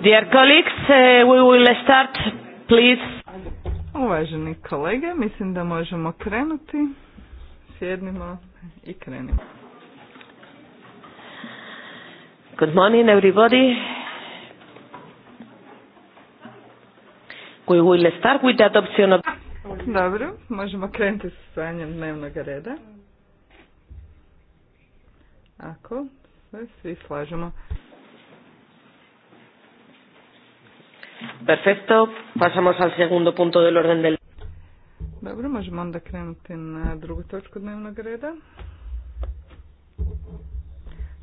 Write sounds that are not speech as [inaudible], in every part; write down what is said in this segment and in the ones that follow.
Dear colleagues, uh, we will start, please. Uvaženi kolege, mislim da možemo krenuti. Sjednimo i krenimo. Good morning everybody. We will start with the adoption of... Dobro, možemo krenuti sa stanjem dnevnog reda. Ako se svi slažemo. Perfecto. Pasamos al segundo punto del orden del... Dobro, možemo onda krenuti na drugu točku dnevnog reda.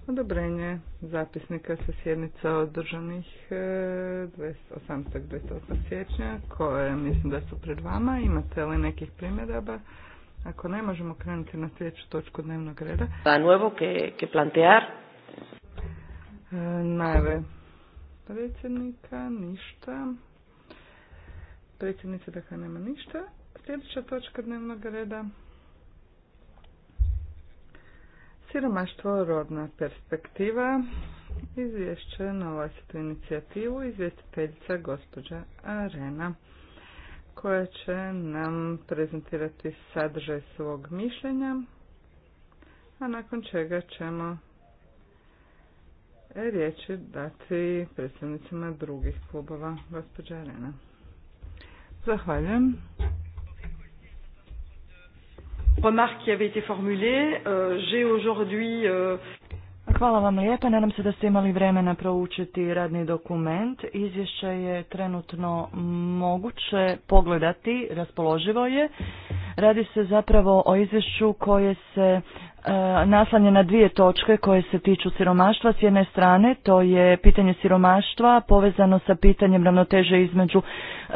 Odobrenje zapisnika sa sjednica održanih 18. E, 28. siječnja koje mislim da su pred vama. Imate li nekih primjedaba? Ako ne, možemo krenuti na sljedeću točku dnevnog reda. Da nuevo e, predsjednika, ništa. Predsjednice dakle nema ništa. Sljedeća točka dnevnog reda. Siromaštvo rodna perspektiva. Izvješće na vlastitu inicijativu izvjestiteljica gospođa Arena koja će nam prezentirati sadržaj svog mišljenja, a nakon čega ćemo je dati predstavnicima drugih klubova, gospođa Arena. Zahvaljujem. Remarque qui avait été euh, j'ai aujourd'hui euh, Hvala vam lijepa, nadam se da ste imali vremena proučiti radni dokument. Izvješće je trenutno moguće pogledati, raspoloživo je. Radi se zapravo o izvješću koje se e, naslanje na dvije točke koje se tiču siromaštva. S jedne strane to je pitanje siromaštva povezano sa pitanjem ravnoteže između e,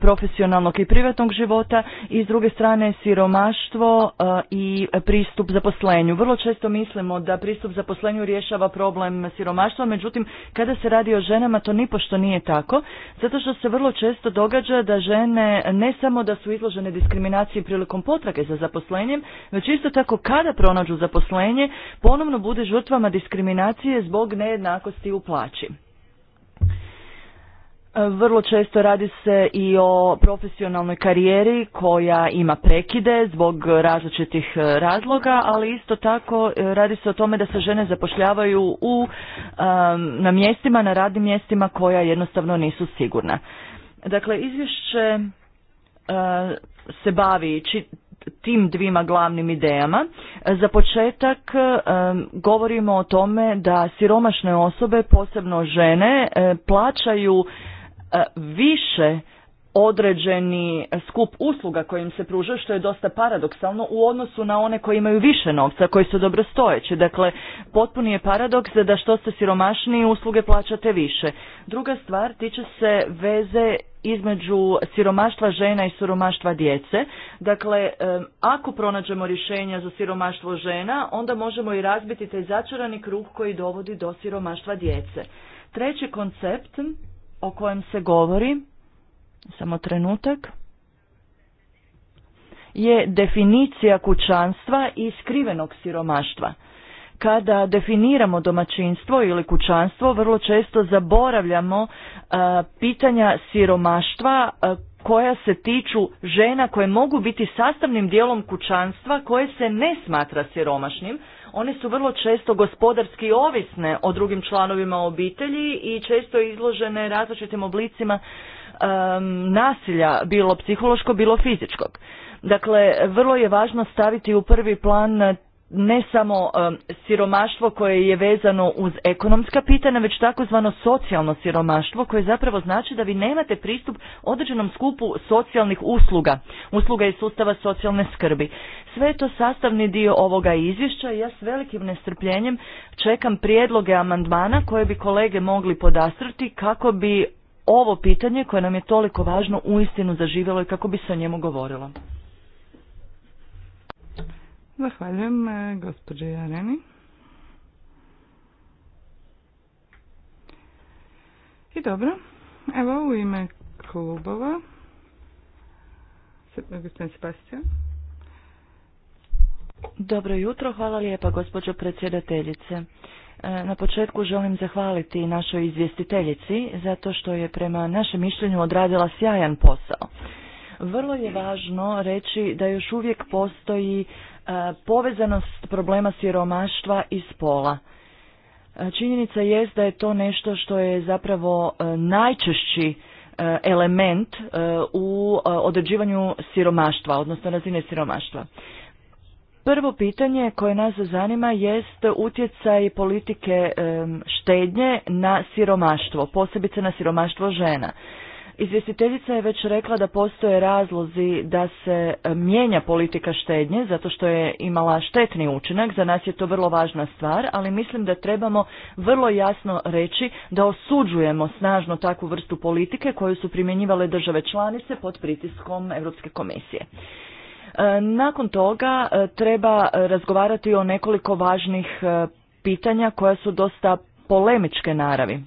profesionalnog i privatnog života i s druge strane siromaštvo e, i pristup zaposlenju. Vrlo često mislimo da pristup zaposlenju rješava problem siromaštva, međutim kada se radi o ženama to nipošto nije tako, zato što se vrlo često događa da žene ne samo da su izložene diskriminaciji pri prilikom potrage za zaposlenjem, već isto tako kada pronađu zaposlenje, ponovno bude žrtvama diskriminacije zbog nejednakosti u plaći. E, vrlo često radi se i o profesionalnoj karijeri koja ima prekide zbog različitih e, razloga, ali isto tako e, radi se o tome da se žene zapošljavaju u, na mjestima, na radnim mjestima koja jednostavno nisu sigurna. Dakle, izvješće se bavi tim dvima glavnim idejama. Za početak e, govorimo o tome da siromašne osobe, posebno žene, e, plaćaju e, više određeni skup usluga kojim se pruža, što je dosta paradoksalno u odnosu na one koji imaju više novca, koji su dobrostojeći. Dakle, potpuni je paradoks da što ste siromašniji usluge plaćate više. Druga stvar tiče se veze između siromaštva žena i siromaštva djece. Dakle, ako pronađemo rješenja za siromaštvo žena, onda možemo i razbiti taj začarani krug koji dovodi do siromaštva djece. Treći koncept o kojem se govori samo trenutak, je definicija kućanstva i skrivenog siromaštva. Kada definiramo domaćinstvo ili kućanstvo, vrlo često zaboravljamo e, pitanja siromaštva e, koja se tiču žena koje mogu biti sastavnim dijelom kućanstva koje se ne smatra siromašnim. One su vrlo često gospodarski ovisne o drugim članovima obitelji i često izložene različitim oblicima um, nasilja, bilo psihološko, bilo fizičkog. Dakle, vrlo je važno staviti u prvi plan eh, ne samo siromaštvo koje je vezano uz ekonomska pitanja, već takozvano socijalno siromaštvo koje zapravo znači da vi nemate pristup određenom skupu socijalnih usluga, usluga iz sustava socijalne skrbi. Sve je to sastavni dio ovoga izvješća i ja s velikim nestrpljenjem čekam prijedloge amandmana koje bi kolege mogli podastrti kako bi ovo pitanje koje nam je toliko važno uistinu zaživjelo i kako bi se o njemu govorilo. Zahvaljujem e, gospođe Jareni. I dobro, evo u ime klubova, gospodin Sebastian. Dobro jutro, hvala lijepa gospođo predsjedateljice. E, na početku želim zahvaliti našoj izvjestiteljici zato što je prema našem mišljenju odradila sjajan posao. Vrlo je važno reći da još uvijek postoji e, povezanost problema siromaštva i spola. E, činjenica jest da je to nešto što je zapravo najčešći element u određivanju siromaštva, odnosno razine siromaštva. Prvo pitanje koje nas zanima jest utjecaj politike štednje na siromaštvo, posebice na siromaštvo žena. Izvjestiteljica je već rekla da postoje razlozi da se mijenja politika štednje zato što je imala štetni učinak, za nas je to vrlo važna stvar, ali mislim da trebamo vrlo jasno reći da osuđujemo snažno takvu vrstu politike koju su primjenjivale države članice pod pritiskom Europske komisije. E, nakon toga e, treba razgovarati o nekoliko važnih e, pitanja koja su dosta polemičke naravi.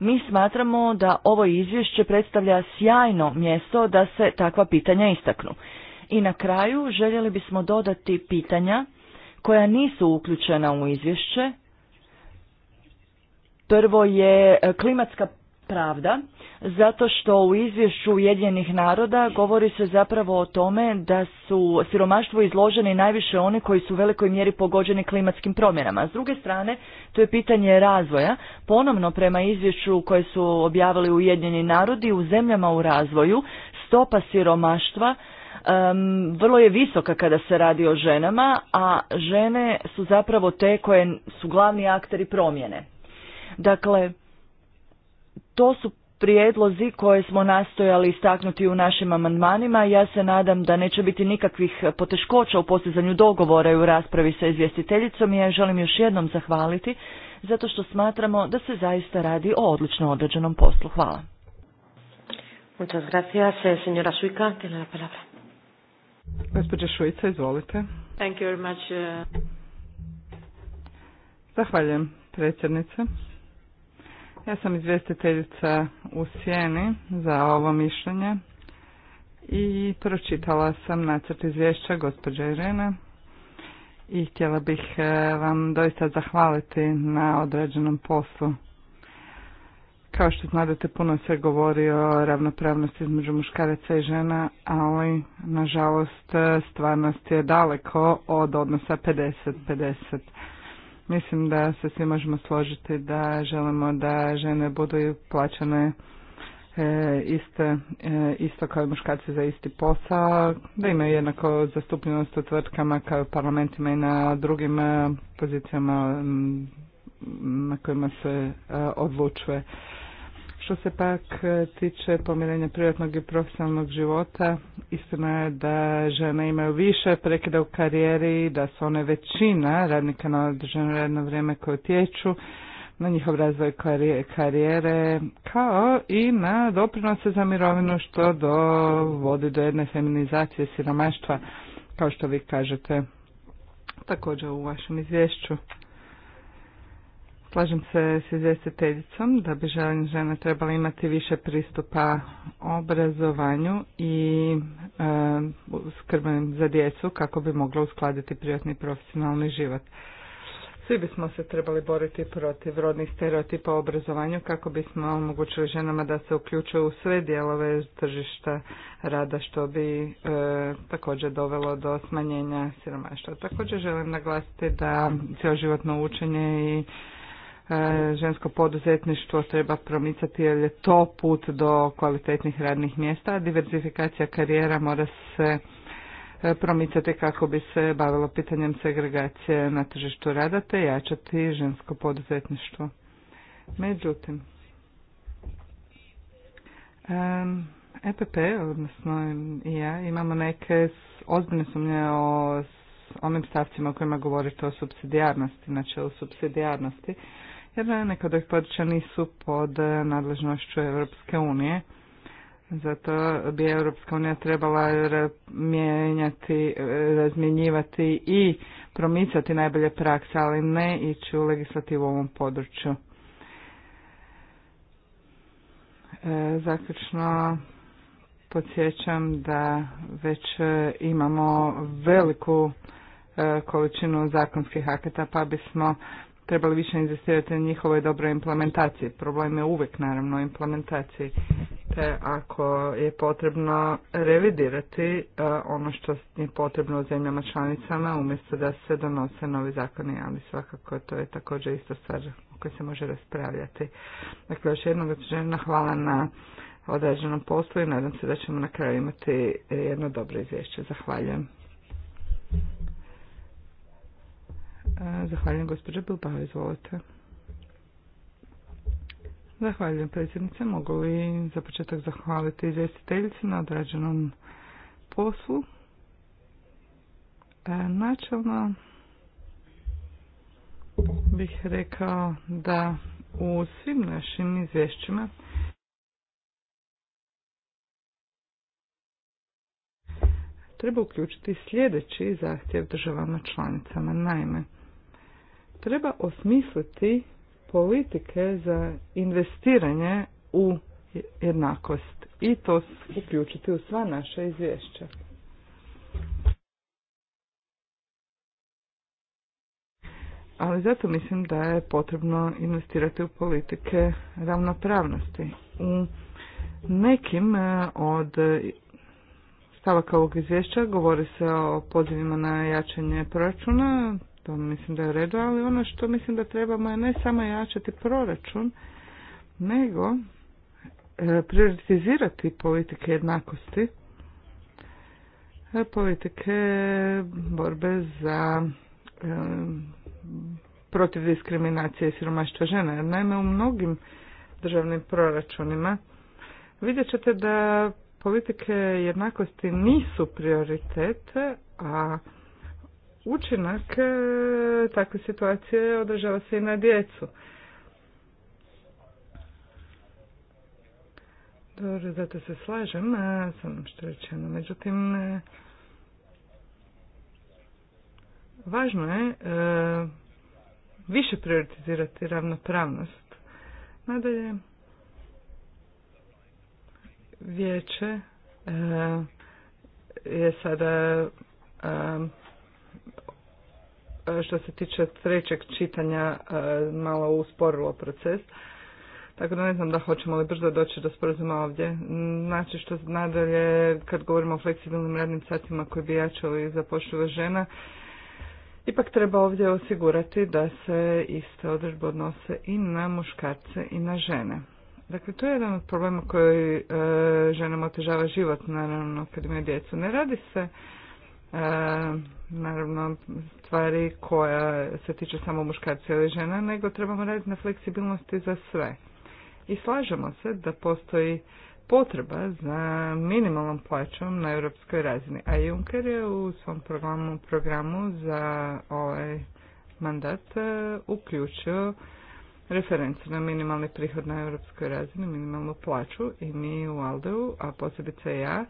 Mi smatramo da ovo izvješće predstavlja sjajno mjesto da se takva pitanja istaknu. I na kraju željeli bismo dodati pitanja koja nisu uključena u izvješće. Prvo je klimatska pravda, zato što u izvješću Ujedinjenih naroda govori se zapravo o tome da su siromaštvo izloženi najviše oni koji su u velikoj mjeri pogođeni klimatskim promjenama. S druge strane, to je pitanje razvoja. Ponovno prema izvješću koje su objavili Ujedinjeni narodi u zemljama u razvoju stopa siromaštva vrlo je visoka kada se radi o ženama, a žene su zapravo te koje su glavni akteri promjene. Dakle, to su prijedlozi koje smo nastojali istaknuti u našim amandmanima. Ja se nadam da neće biti nikakvih poteškoća u postizanju dogovora i u raspravi sa izvjestiteljicom i ja želim još jednom zahvaliti zato što smatramo da se zaista radi o odlično određenom poslu. Hvala. Muchas gracias, eh, señora Suica, tiene la palabra. izvolite. Thank you very much. Eh. Zahvaljujem, predsjednice. Ja sam izvjestiteljica u Sjeni za ovo mišljenje i pročitala sam nacrt izvješća gospođe Irene i htjela bih e, vam doista zahvaliti na određenom poslu. Kao što znate, puno se govori o ravnopravnosti između muškaraca i žena, ali nažalost e, stvarnost je daleko od odnosa 50-50. Mislim da se svi možemo složiti da želimo da žene budu plaćane e, iste, e, isto kao i muškarci za isti posao, da imaju jednako zastupljenost u tvrtkama kao u parlamentima i na drugim e, pozicijama na kojima se e, odlučuje. Što se pak e, tiče pomirenja privatnog i profesionalnog života, istina je da žene imaju više prekida u karijeri, da su one većina radnika na određeno radno vrijeme koje utječu na njihov razvoj karijere, kao i na doprinose za mirovinu što dovodi do jedne feminizacije siromaštva, kao što vi kažete također u vašem izvješću. Slažem se s izvjestiteljicom da bi žene trebali imati više pristupa obrazovanju i e, za djecu kako bi mogla uskladiti privatni profesionalni život. Svi bismo se trebali boriti protiv rodnih stereotipa u obrazovanju kako bismo omogućili ženama da se uključuju u sve dijelove tržišta rada što bi e, također dovelo do smanjenja siromaštva. Također želim naglasiti da životno učenje i E, žensko poduzetništvo treba promicati jer je to put do kvalitetnih radnih mjesta. Diverzifikacija karijera mora se e, promicati kako bi se bavilo pitanjem segregacije na tržištu rada te jačati žensko poduzetništvo. Međutim, EPP, e odnosno i ja, imamo neke ozbiljne sumnje o onim stavcima o kojima govorite o subsidijarnosti, načelu subsidijarnosti jer neka od područja nisu pod eh, nadležnošću Europske unije. Zato bi Europska unija trebala mijenjati, eh, razmjenjivati i promicati najbolje prakse, ali ne ići u legislativu u ovom području. E, zaključno podsjećam da već imamo veliku količinu zakonskih akata pa bismo trebali više investirati na njihovoj dobroj implementaciji. Problem je uvijek naravno implementaciji. Te ako je potrebno revidirati e, ono što je potrebno u zemljama članicama umjesto da se donose novi zakoni, ali svakako to je također isto stvar o kojoj se može raspravljati. Dakle, još jednom žena hvala na određenom poslu i nadam se da ćemo na kraju imati jedno dobro izvješće. Zahvaljujem. Zahvaljujem gospođa Bilbao, izvolite. Zahvaljujem predsjednice. Mogu li za početak zahvaliti izvjestiteljici na odrađenom poslu? E, načelno bih rekao da u svim našim izvješćima treba uključiti sljedeći zahtjev državama članicama. Naime, treba osmisliti politike za investiranje u jednakost i to uključiti u sva naša izvješća. Ali zato mislim da je potrebno investirati u politike ravnopravnosti. U nekim e, od stavaka ovog izvješća govori se o pozivima na jačanje proračuna, to mislim da je u redu, ali ono što mislim da trebamo je ne samo jačati proračun, nego e, prioritizirati politike jednakosti, e, politike borbe za e, protiv diskriminacije i siromaštva žena. Jer naime u mnogim državnim proračunima vidjet ćete da politike jednakosti nisu prioritete, a učinak e, takve situacije održava se i na djecu. Dobro, zato se slažem e, sam što rečeno. Međutim, e, važno je više prioritizirati ravnopravnost. Nadalje, vijeće je sada što se tiče trećeg čitanja e, malo usporilo proces. Tako da ne znam da hoćemo li brzo doći do sporazuma ovdje. Znači što nadalje kad govorimo o fleksibilnim radnim satima koji bi jačali zapošljiva žena, ipak treba ovdje osigurati da se iste odredbe odnose i na muškarce i na žene. Dakle, to je jedan od problema koji e, ženama otežava život, naravno, kad imaju djecu. Ne radi se E, naravno stvari koja se tiče samo muškarca ili žena, nego trebamo raditi na fleksibilnosti za sve. I slažemo se da postoji potreba za minimalnom plaćom na europskoj razini. A Juncker je u svom programu, programu za ovaj mandat e, uključio referencu na minimalni prihod na europskoj razini, minimalnu plaću i mi u Aldeu, a posebice ja,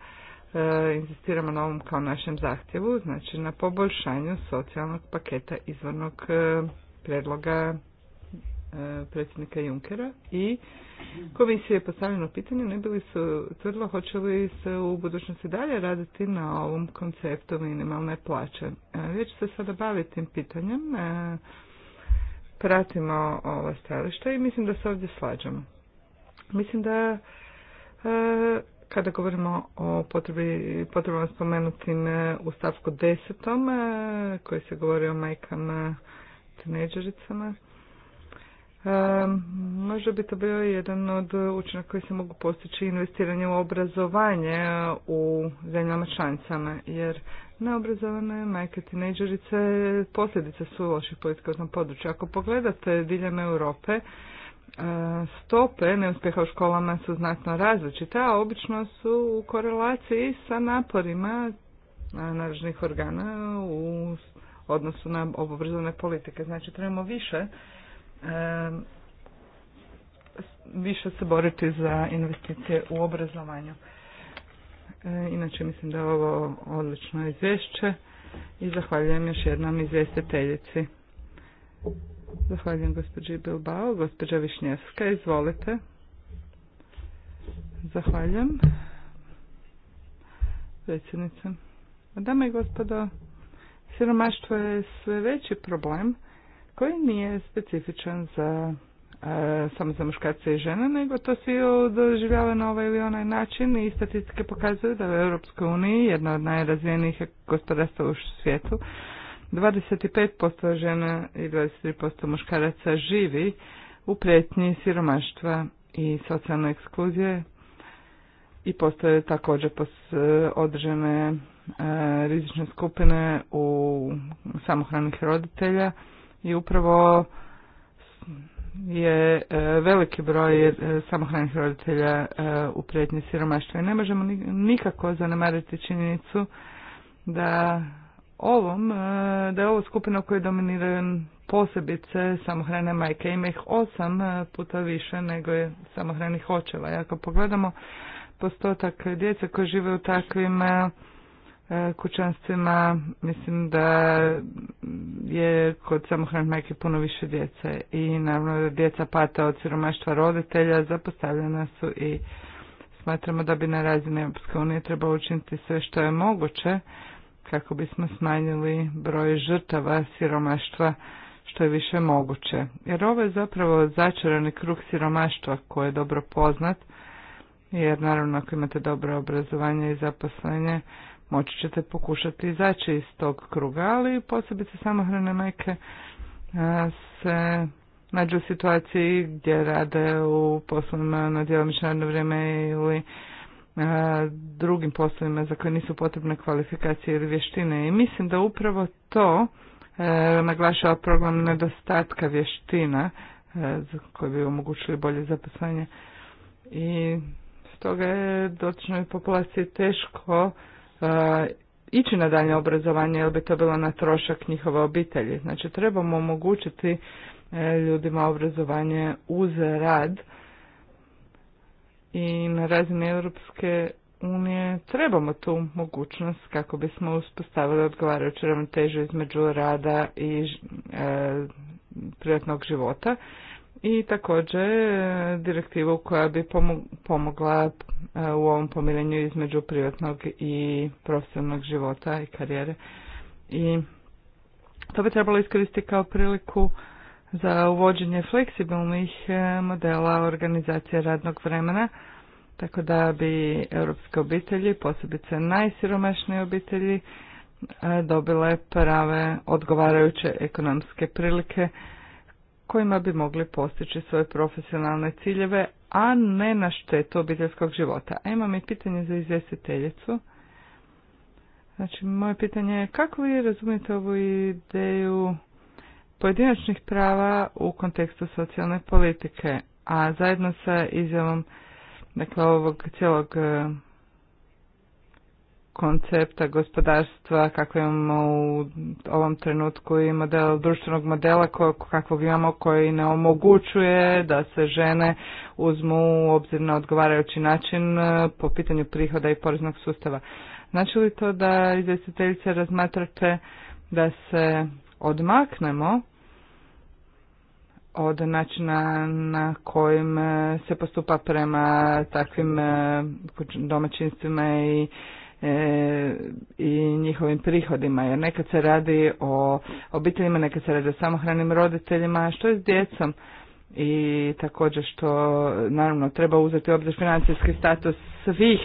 E, insistiramo na ovom kao našem zahtjevu, znači na poboljšanju socijalnog paketa izvornog e, predloga e, predsjednika Junkera i komisije je postavljeno pitanje ne bili su tvrdilo hoće li se u budućnosti dalje raditi na ovom konceptu minimalne plaće. Već se sada baviti tim pitanjem, pratimo ova stajališta i mislim da se ovdje slađamo. Mislim da kada govorimo o potrebi, potrebama spomenuti u stavku desetom, e, koji se govori o majkama tineđericama, e, možda bi to bio jedan od učinaka koji se mogu postići investiranje u obrazovanje u zemljama članicama, jer neobrazovane majke tineđerice posljedice su loših politika na području. Ako pogledate diljem Europe, stope neuspjeha u školama su znatno različite, a obično su u korelaciji sa naporima nadležnih organa u odnosu na obrazovne politike. Znači trebamo više više se boriti za investicije u obrazovanju. E, inače mislim da je ovo odlično izvješće i zahvaljujem još jednom izvjestiteljici. Zahvaljujem gospođi Bilbao. Gospođa Višnjevska, izvolite. Zahvaljujem. Predsjednice. Dame i gospodo, siromaštvo je sve veći problem koji nije specifičan za e, samo za muškarce i žene, nego to svi doživljava na ovaj ili onaj način i statistike pokazuju da u Europskoj uniji, jedna od najrazvijenijih gospodarstva u svijetu, 25% žena i 23% muškaraca živi u prijetnji siromaštva i socijalne ekskluzije i postoje također određene e, rizične skupine u samohranih roditelja i upravo je e, veliki broj e, samohranih roditelja u prijetnji siromaštva i ne možemo nikako zanemariti činjenicu da ovom, e, da je ovo skupina koje dominiraju posebice samohrane majke. Ima ih osam e, puta više nego je samohranih očeva. ako pogledamo postotak djece koji žive u takvim e, kućanstvima, mislim da je kod samohranih majke puno više djece. I naravno da djeca pata od siromaštva roditelja, zapostavljena su i smatramo da bi na razini Europske unije treba učiniti sve što je moguće kako bismo smanjili broj žrtava siromaštva što je više moguće. Jer ovo je zapravo začarani krug siromaštva koji je dobro poznat, jer naravno ako imate dobro obrazovanje i zaposlenje, moći ćete pokušati izaći iz tog kruga, ali posebice samohrane majke se nađu u situaciji gdje rade u poslovima na djelomično radno vrijeme ili drugim poslovima za koje nisu potrebne kvalifikacije ili vještine. I mislim da upravo to e, naglašava problem nedostatka vještina e, za koje bi omogućili bolje zaposlenje I stoga je dotičnoj populaciji teško e, ići na daljnje obrazovanje jer bi to bilo na trošak njihove obitelji. Znači trebamo omogućiti ljudima obrazovanje uz rad i na razini Europske unije trebamo tu mogućnost kako bismo uspostavili odgovarajuću ravnotežu između rada i e, privatnog života i također e, direktivu koja bi pomogla e, u ovom pomirenju između privatnog i profesionalnog života i karijere. I to bi trebalo iskoristiti kao priliku za uvođenje fleksibilnih e, modela organizacije radnog vremena, tako da bi europske obitelji, posebice najsiromašnije obitelji, e, dobile prave odgovarajuće ekonomske prilike kojima bi mogli postići svoje profesionalne ciljeve, a ne na štetu obiteljskog života. A imam i pitanje za izvjestiteljicu. Znači, moje pitanje je kako vi razumijete ovu ideju pojedinačnih prava u kontekstu socijalne politike, a zajedno sa izjavom dakle, ovog cijelog e, koncepta gospodarstva kako imamo u ovom trenutku i model društvenog modela kakvog imamo koji ne omogućuje da se žene uzmu u obzir na odgovarajući način e, po pitanju prihoda i poreznog sustava. Znači li to da izvjestiteljice razmatrate da se odmaknemo od načina na kojim e, se postupa prema takvim e, domaćinstvima i e, i njihovim prihodima, jer nekad se radi o obiteljima, nekad se radi o samohranim roditeljima, što je s djecom i također što naravno treba uzeti u obzir financijski status svih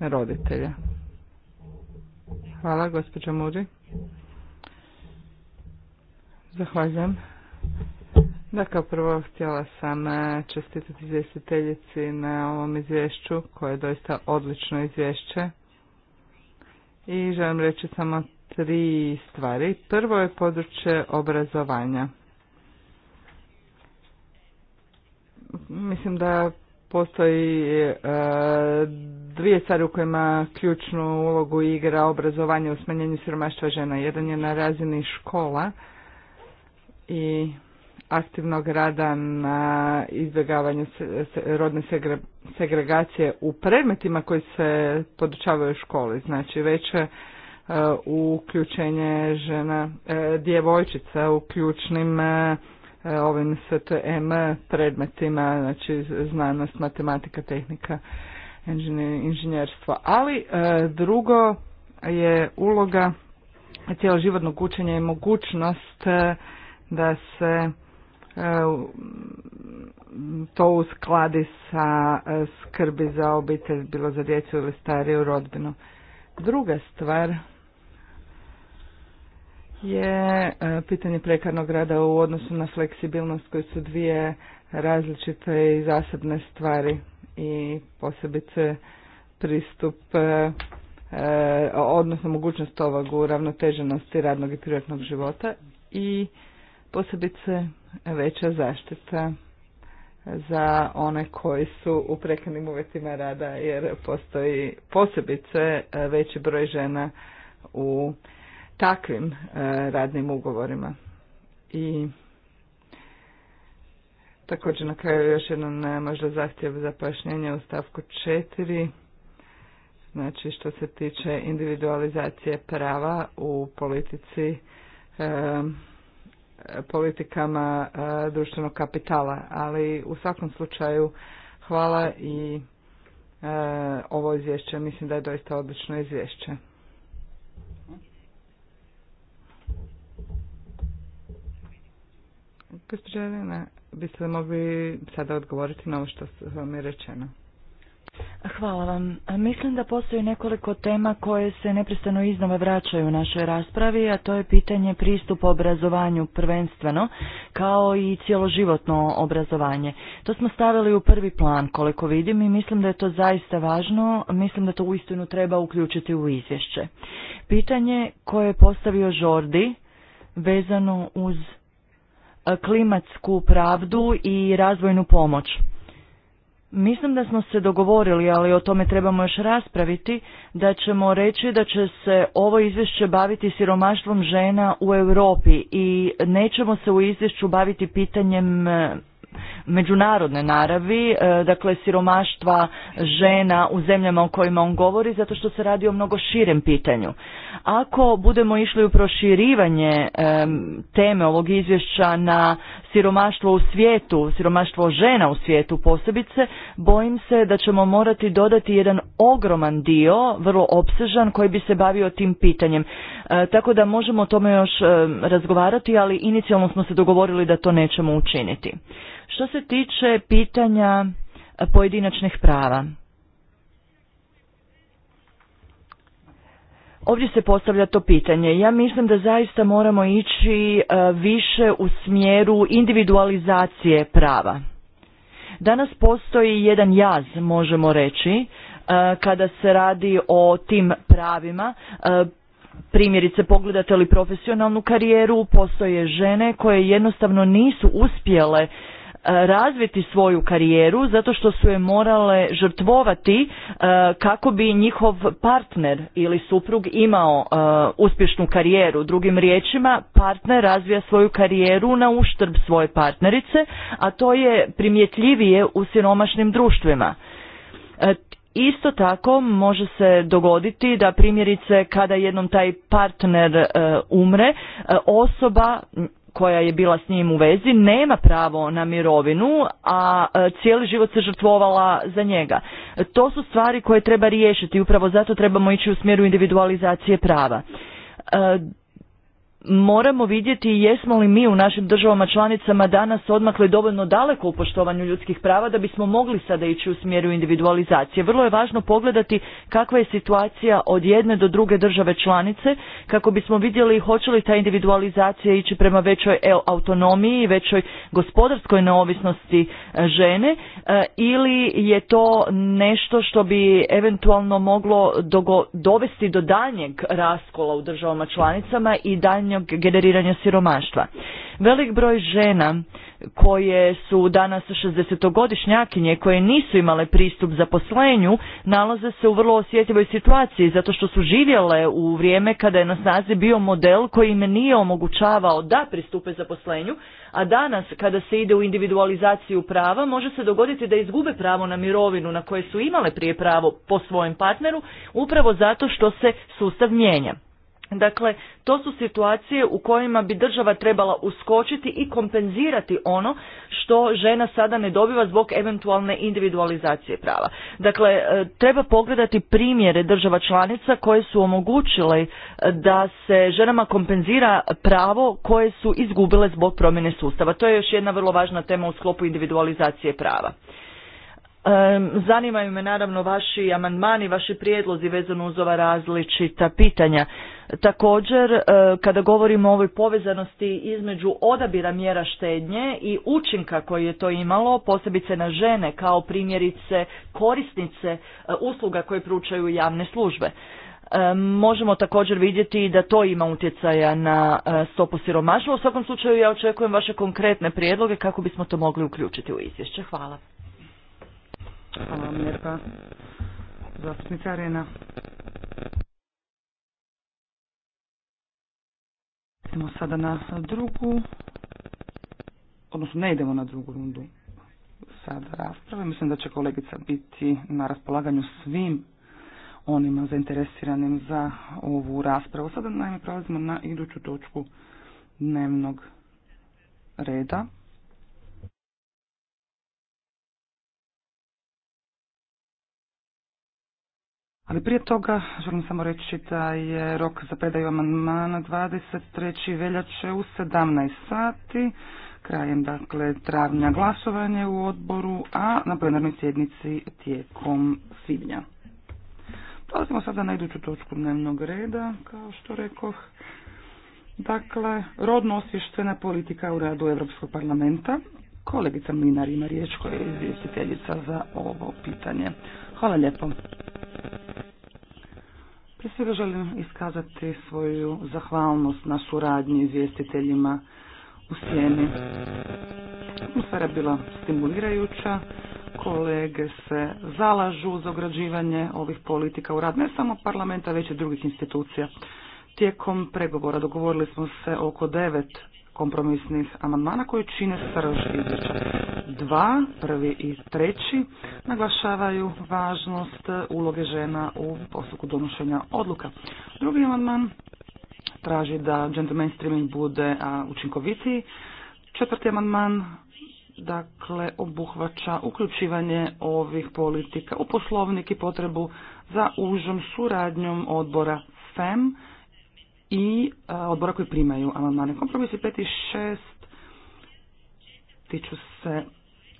roditelja. Hvala gospođo Muri. Zahvaljujem. Da, kao prvo htjela sam e, čestitati izvjestiteljici na ovom izvješću koje je doista odlično izvješće. I želim reći samo tri stvari. Prvo je područje obrazovanja. Mislim da postoji e, dvije stvari u kojima ključnu ulogu igra obrazovanje u smanjenju siromaštva žena. Jedan je na razini škola, i aktivnog rada na izbjegavanju rodne segregacije u predmetima koji se podučavaju u školi, znači veće uključenje žena, e, djevojčica u ključnim e, e, ovim STM predmetima, znači znanost, matematika, tehnika, inženjerstvo. Ali drugo je uloga životnog učenja i mogućnost da se e, to uskladi sa e, skrbi za obitelj, bilo za djecu ili stariju rodbinu. Druga stvar je e, pitanje prekarnog rada u odnosu na fleksibilnost koji su dvije različite i zasebne stvari i posebice pristup odnosno mogućnost ovog uravnoteženosti radnog i privatnog života i posebice veća zaštita za one koji su u prekanim uvjetima rada jer postoji posebice e, veći broj žena u takvim e, radnim ugovorima. I također na kraju još jedan e, možda zahtjev za pojašnjenje u stavku 4. Znači što se tiče individualizacije prava u politici politikama e, društvenog kapitala, ali u svakom slučaju hvala i e, ovo izvješće. Mislim da je doista odlično izvješće. Gospođa biste li mogli sada odgovoriti na ovo što vam je rečeno? Hvala vam. Mislim da postoji nekoliko tema koje se neprestano iznova vraćaju u našoj raspravi, a to je pitanje pristupa obrazovanju prvenstveno, kao i cjeloživotno obrazovanje. To smo stavili u prvi plan koliko vidim i mislim da je to zaista važno, mislim da to uistinu treba uključiti u izvješće. Pitanje koje je postavio Žordi vezano uz e, klimatsku pravdu i razvojnu pomoć. Mislim da smo se dogovorili, ali o tome trebamo još raspraviti, da ćemo reći da će se ovo izvješće baviti siromaštvom žena u Europi i nećemo se u izvješću baviti pitanjem međunarodne naravi, e, dakle siromaštva žena u zemljama o kojima on govori, zato što se radi o mnogo širem pitanju. Ako budemo išli u proširivanje teme ovog izvješća na siromaštvo u svijetu, siromaštvo žena u svijetu posebice, bojim se da ćemo morati dodati jedan ogroman dio, vrlo opsežan, koji bi se bavio tim pitanjem. E, tako da možemo o tome još razgovarati, ali inicijalno smo se dogovorili da to nećemo učiniti. Što se tiče pitanja eh, pojedinačnih prava, Ovdje se postavlja to pitanje. Ja mislim da zaista moramo ići eh, više u smjeru individualizacije prava. Danas postoji jedan jaz, možemo reći, eh, kada se radi o tim pravima. Primjerice, pogledate li profesionalnu karijeru, postoje žene koje jednostavno nisu uspjele razviti svoju karijeru zato što su je morale žrtvovati e, kako bi njihov partner ili suprug imao e, uspješnu karijeru. Drugim riječima, partner razvija svoju karijeru na uštrb svoje partnerice, a to je primjetljivije u siromašnim društvima. E, isto tako može se dogoditi da primjerice kada jednom taj partner umre, osoba koja je bila s njim u vezi nema pravo na mirovinu, a e, cijeli život se žrtvovala za njega. To su stvari koje treba riješiti, upravo zato trebamo ići u smjeru individualizacije prava e, moramo vidjeti jesmo li mi u našim državama članicama danas odmakli dovoljno daleko u poštovanju ljudskih prava da bismo mogli sada ići u smjeru individualizacije. Vrlo je važno pogledati kakva je situacija od jedne do druge države članice kako bismo vidjeli hoće li ta individualizacija ići prema većoj e, autonomiji i većoj gospodarskoj neovisnosti e, žene e, ili je to nešto što bi eventualno moglo dovesti do daljnjeg raskola u državama članicama i daljnje generiranja siromaštva. Velik broj žena koje su danas 60-godišnjakinje, koje nisu imale pristup zaposlenju, nalaze se u vrlo osjetljivoj situaciji zato što su živjele u vrijeme kada je na snazi bio model koji im nije omogućavao da pristupe zaposlenju, a danas kada se ide u individualizaciju prava može se dogoditi da izgube pravo na mirovinu na koje su imale prije pravo po svojem partneru upravo zato što se sustav mijenja. Dakle, to su situacije u kojima bi država trebala uskočiti i kompenzirati ono što žena sada ne dobiva zbog eventualne individualizacije prava. Dakle, e, treba pogledati primjere država članica koje su omogućile e, da se ženama kompenzira pravo koje su izgubile zbog promjene sustava. To je još jedna vrlo važna tema u sklopu individualizacije prava. Zanimaju me naravno vaši amandmani, vaši prijedlozi vezano uz ova različita pitanja. Također, e, kada govorimo o ovoj povezanosti između odabira mjera štednje i učinka koji je to imalo, posebice na žene kao primjerice korisnice e, usluga koje pručaju javne službe. E, možemo također vidjeti da to ima utjecaja na stopu siromaštva. U svakom slučaju ja očekujem vaše konkretne prijedloge kako bismo to mogli uključiti u izvješće. Hvala. Hvala Arena. Idemo sada na drugu, odnosno ne idemo na drugu rundu sada rasprave. Mislim da će kolegica biti na raspolaganju svim onima zainteresiranim za ovu raspravu. Sada naime prelazimo na iduću točku dnevnog reda. Ali prije toga želim samo reći da je rok za predaju amandmana 23. veljače u 17 sati, krajem dakle travnja glasovanje u odboru, a na plenarnoj sjednici tijekom svibnja. Dolazimo sada na iduću točku dnevnog reda, kao što rekoh. Dakle, rodno osvještena politika u radu Europskog parlamenta. Kolegica Mlinar ima riječ koja je izvjestiteljica za ovo pitanje. Hvala lijepo. Prije svega želim iskazati svoju zahvalnost na suradnji izvjestiteljima u sjeni. Atmosfera bila stimulirajuća, kolege se zalažu za ograđivanje ovih politika u rad ne samo parlamenta, već i drugih institucija. Tijekom pregovora dogovorili smo se oko devet kompromisnih amandmana koji čine srž Dva, prvi i treći, naglašavaju važnost uloge žena u postupku donošenja odluka. Drugi amandman traži da gender streaming bude učinkovitiji. Četvrti amandman dakle obuhvaća uključivanje ovih politika u poslovnik i potrebu za užom suradnjom odbora FEM i odbora koji primaju amandmane. Kompromisi 5 i 6 tiču se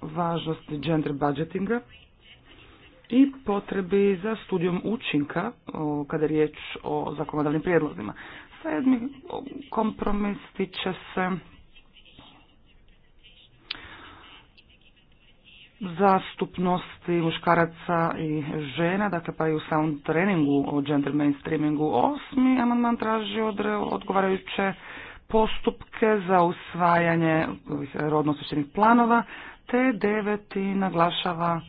važnosti gender budgetinga i potrebi za studijom učinka kada je riječ o zakonodavnim prijedlozima. Sedmi kompromis tiče se zastupnosti muškaraca i žena, dakle pa i u samom treningu o gender mainstreamingu osmi amandman traži od, odgovarajuće postupke za usvajanje rodno osjećenih planova, te deveti naglašava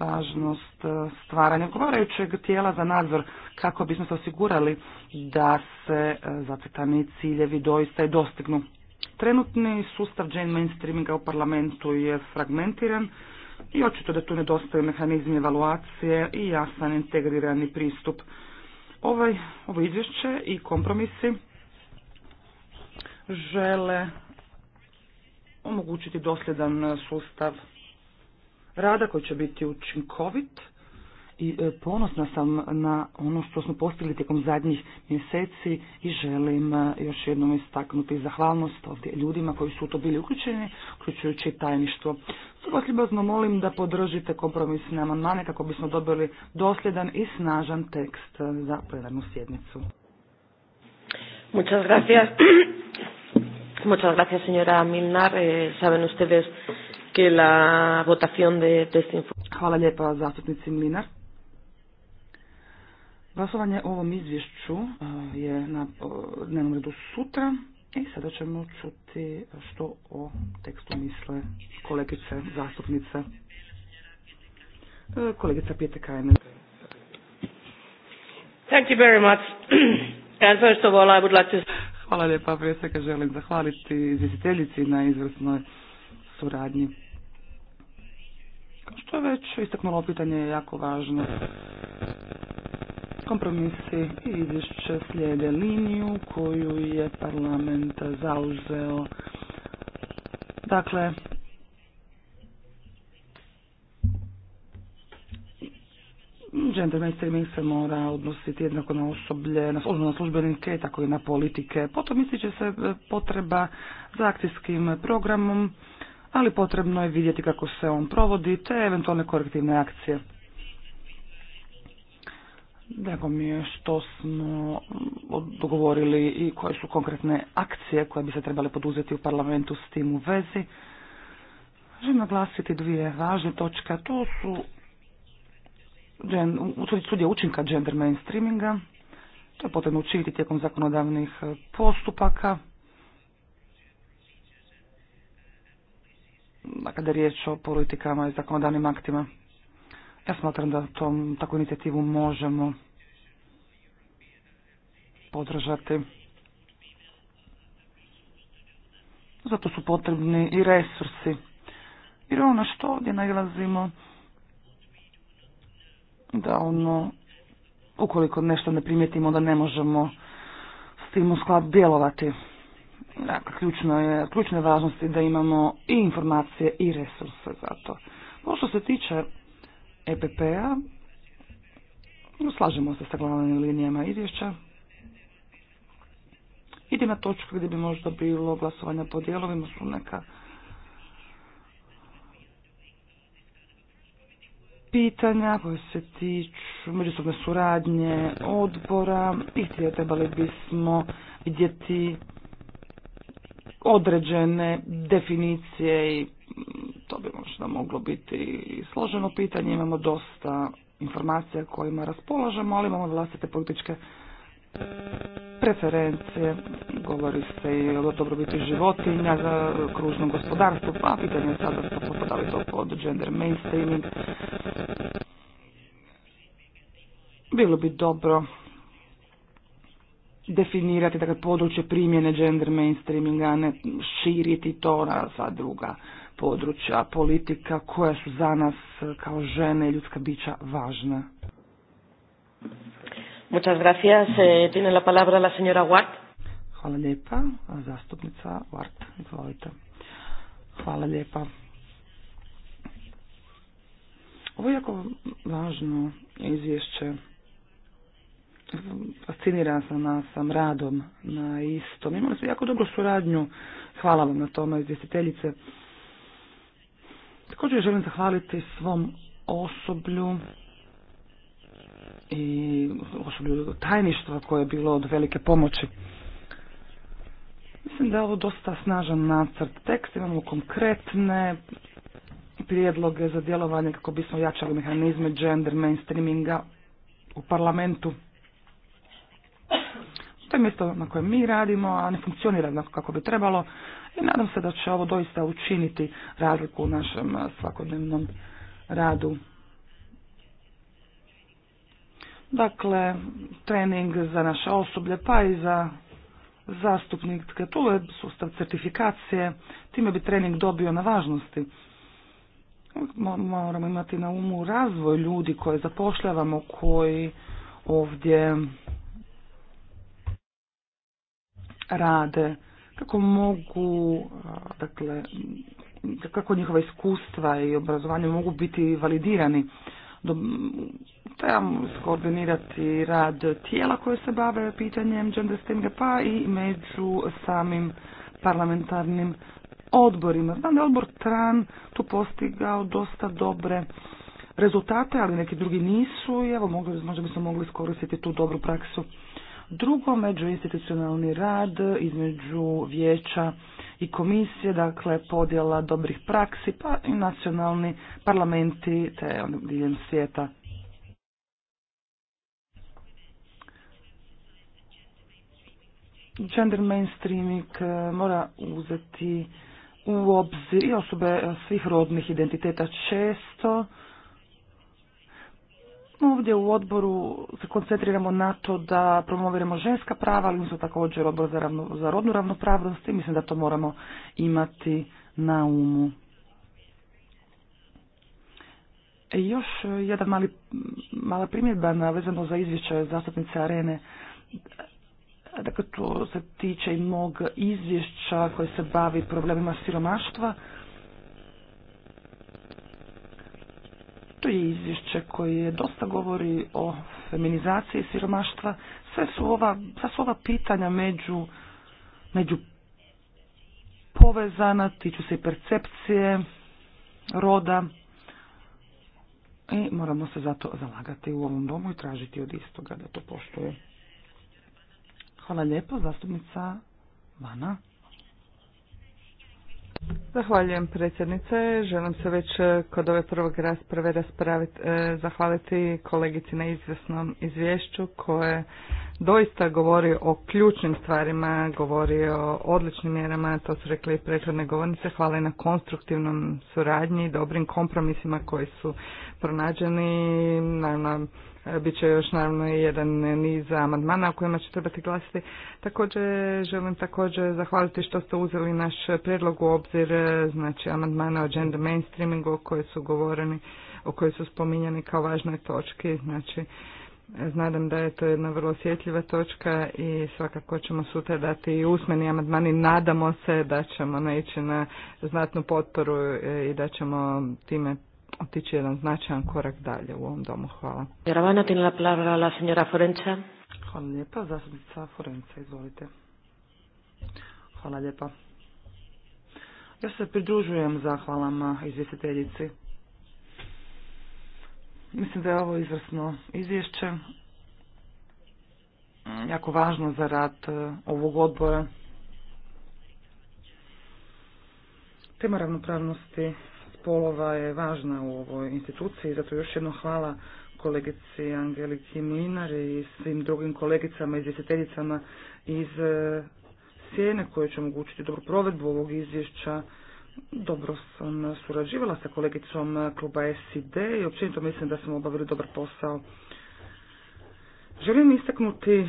važnost e, stvaranja odgovarajućeg tijela za nadzor kako bismo se osigurali da se e, zacrtani ciljevi doista i dostignu. Trenutni sustav gender mainstreaminga u parlamentu je fragmentiran, i očito da tu nedostaju mehanizmi evaluacije i jasan integrirani pristup. Ovaj, ovo izvješće i kompromisi žele omogućiti dosljedan sustav rada koji će biti učinkovit i e, ponosna sam na ono što smo postigli tijekom zadnjih mjeseci i želim e, još jednom istaknuti zahvalnost ovdje ljudima koji su u to bili uključeni, uključujući tajništvo. Stoga molim da podržite kompromisne amandmane kako bismo dobili dosljedan i snažan tekst e, za plenarnu sjednicu. Muchas gracias. [clears throat] Muchas gracias, señora Milnar. Eh, saben ustedes que la votación de, de este informe. Hvala lijepa zastupnici Milnar. Glasovanje o ovom izvješću e, je na e, dnevnom redu sutra i sada ćemo čuti što o tekstu misle kolegice zastupnice. E, kolegica Pijete Kajne. Thank you very much. [clears throat] And first of all, I would like to... Hvala lijepa, prije svega želim zahvaliti izvjestiteljici na izvrsnoj suradnji. Kao što je već istaknulo pitanje je jako važno Kompromisi i izvješće slijede liniju koju je parlament zauzeo. Dakle, gender mi se mora odnositi jednako na osoblje, na službenike, tako i na politike. Potom ističe se potreba za akcijskim programom, ali potrebno je vidjeti kako se on provodi, te eventualne korektivne akcije. Drago mi je što smo dogovorili i koje su konkretne akcije koje bi se trebale poduzeti u parlamentu s tim u vezi. Želim naglasiti dvije važne točke, to su studija učinka gender mainstreaminga. To je potrebno učiniti tijekom zakonodavnih postupaka. Kada je riječ o politikama i zakonodavnim aktima. Ja smatram da tom, takvu inicijativu možemo podržati. Zato su potrebni i resursi. I ono što ovdje nagrazimo, da ono, ukoliko nešto ne primijetimo, da ne možemo s tim u sklad djelovati. ključno je, ključne važnosti da imamo i informacije i resurse za to. Ovo što se tiče EPP-a. Slažemo se sa glavnim linijama izvješća. Idi na točku gdje bi možda bilo glasovanja po dijelovima su neka pitanja koje se tiču međusobne suradnje odbora i gdje trebali bismo vidjeti određene definicije i bi možda moglo biti i složeno pitanje. Imamo dosta informacija kojima raspolažemo, ali imamo vlastite političke preferencije. Govori se i o dobrobiti životinja za kružno gospodarstvo. pa pitanje je sada to to pod gender mainstreaming. Bilo bi dobro definirati dakle, područje primjene gender mainstreaminga, ne širiti to na sva druga područja politika koja su za nas e, kao žene i ljudska bića važna. Muchas gracias. Eh, tiene la palabra la señora Ward. Hvala lijepa. Zastupnica Wart, izvolite. Hvala lijepa. Ovo je jako važno izvješće. Fascinirana sam, na, sam radom na istom. Imali smo jako dobru suradnju. Hvala vam na tome, izvjestiteljice. Također želim zahvaliti svom osoblju i osoblju tajništva koje je bilo od velike pomoći. Mislim da je ovo dosta snažan nacrt tekst, imamo konkretne prijedloge za djelovanje kako bismo jačali mehanizme gender mainstreaminga u parlamentu. To je mjesto na kojem mi radimo, a ne funkcionira kako bi trebalo i nadam se da će ovo doista učiniti razliku u našem eh, svakodnevnom radu. Dakle, trening za naše osoblje pa i za zastupnike. Tu je sustav certifikacije, time bi trening dobio na važnosti. Moramo imati na umu razvoj ljudi koje zapošljavamo, koji ovdje rade kako mogu, dakle, kako njihova iskustva i obrazovanje mogu biti validirani. Trebamo skoordinirati rad tijela koje se bave pitanjem gender stinga pa i među samim parlamentarnim odborima. Znam da je odbor TRAN tu postigao dosta dobre rezultate, ali neki drugi nisu i evo možda se mogli iskoristiti tu dobru praksu. Drugo, međuinstitucionalni rad između vijeća i komisije, dakle podjela dobrih praksi, pa i nacionalni parlamenti te ono, diljem svijeta. Gender mainstreaming e, mora uzeti u obzir i osobe svih rodnih identiteta često Ovdje u odboru se koncentriramo na to da promoviramo ženska prava, ali su također odbor za, ravno, za rodnu ravnopravnost i mislim da to moramo imati na umu. E, još jedan mali, mala primjedba na, vezano za izvješće zastupnice Arene. Dakle, to se tiče i mog izvješća koje se bavi problemima siromaštva. postoji izvješće koje dosta govori o feminizaciji siromaštva. Sve su ova, sva su ova pitanja među, među povezana, tiču se i percepcije, roda i moramo se zato zalagati u ovom domu i tražiti od istoga da to poštuje. Hvala lijepo, zastupnica Vana. Zahvaljujem predsjednice. Želim se već eh, kod ove prvog rasprave raspraviti, eh, zahvaliti kolegici na izvjesnom izvješću koje doista govori o ključnim stvarima, govori o odličnim mjerama, to su rekli i prethodne govornice, hvala i na konstruktivnom suradnji i dobrim kompromisima koji su pronađeni, naravno će još naravno jedan niz amandmana o kojima će trebati glasiti. Također želim također zahvaliti što ste uzeli naš predlog u obzir, e, znači amandmana o gender mainstreamingu o kojoj su govoreni, o kojoj su spominjani kao važnoj točki, znači e, Znadam da je to jedna vrlo osjetljiva točka i svakako ćemo sutra dati i usmeni amadmani. nadamo se da ćemo naići na znatnu potporu e, i da ćemo time otići jedan značajan korak dalje u ovom domu. Hvala. Hvala lijepa. Zastupnica Forenca, izvolite. Hvala lijepa. Ja se pridružujem zahvalama izvjestiteljici. Mislim da je ovo izvrsno izvješće. Jako važno za rad e, ovog odbora. Tema ravnopravnosti spolova je važna u ovoj instituciji, zato još jednom hvala kolegici Angelici Minar i svim drugim kolegicama, i izvjestiteljicama iz e, Sjene koje će omogućiti dobru provedbu ovog izvješća. Dobro sam surađivala sa kolegicom kluba SID i općenito mislim da smo obavili dobar posao. Želim istaknuti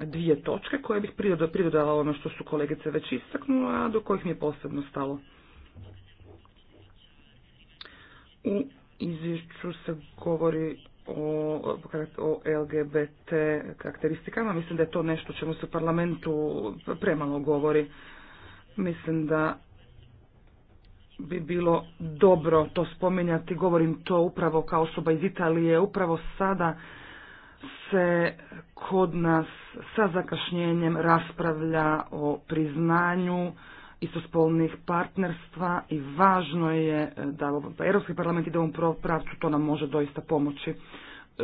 dvije točke koje bih pridodala ono što su kolegice već istaknula, a do kojih mi je posebno stalo. U izvješću se govori o, o LGBT karakteristikama. Mislim da je to nešto čemu se u parlamentu premalo govori. Mislim da bi bilo dobro to spominjati. Govorim to upravo kao osoba iz Italije. Upravo sada se kod nas sa zakašnjenjem raspravlja o priznanju istospolnih partnerstva i važno je e, da pa Europski parlament ide u ovom pravcu, to nam može doista pomoći. E,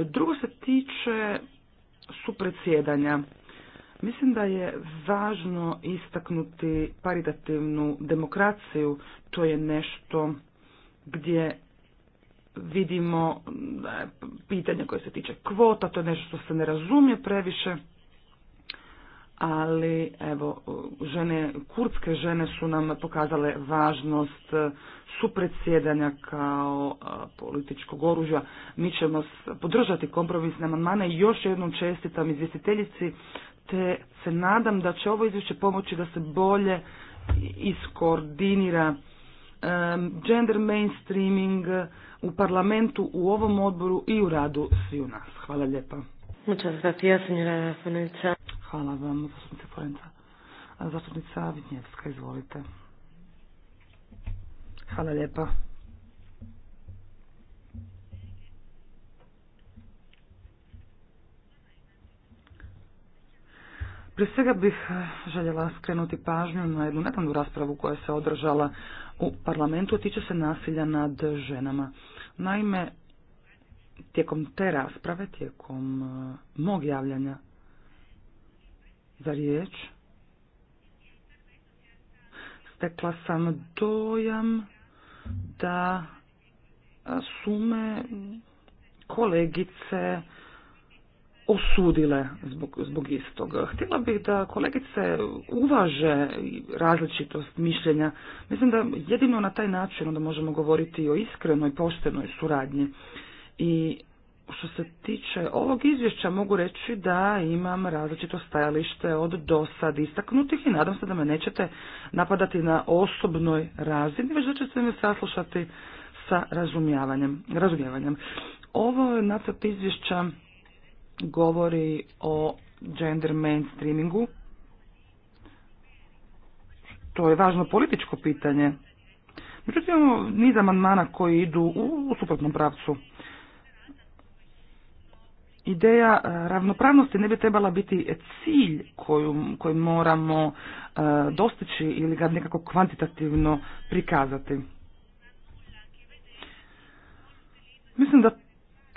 drugo se tiče supredsjedanja. Mislim da je važno istaknuti paritativnu demokraciju. To je nešto gdje vidimo e, pitanje koje se tiče kvota, to je nešto što se ne razumije previše ali evo, žene, kurdske žene su nam pokazale važnost e, supredsjedanja kao e, političkog oružja. Mi ćemo podržati kompromisne amandmane i još jednom čestitam izvjestiteljici, te se nadam da će ovo izvješće pomoći da se bolje iskoordinira gender mainstreaming u parlamentu, u ovom odboru i u radu u nas. Hvala lijepa. Muchas gracias, Hvala vam, zastupnica Zastupnica Vitnjevska, izvolite. Hvala lijepa. Prije svega bih eh, željela skrenuti pažnju na jednu nekandu raspravu koja se održala u parlamentu, a tiče se nasilja nad ženama. Naime, tijekom te rasprave, tijekom eh, mog javljanja za riječ. Stekla sam dojam da su me kolegice osudile zbog, zbog istog. Htjela bih da kolegice uvaže različitost mišljenja. Mislim da jedino na taj način onda možemo govoriti o iskrenoj, poštenoj suradnji. I što se tiče ovog izvješća mogu reći da imam različito stajalište od dosad istaknutih i nadam se da me nećete napadati na osobnoj razini, već da ćete me saslušati sa razumijevanjem. razumijevanjem. Ovo nacrt izvješća govori o gender mainstreamingu, To je važno političko pitanje. Međutim, imamo niz amandmana koji idu u, u suprotnom pravcu ideja e, ravnopravnosti ne bi trebala biti cilj koju, koji moramo e, dostići ili ga nekako kvantitativno prikazati. Mislim da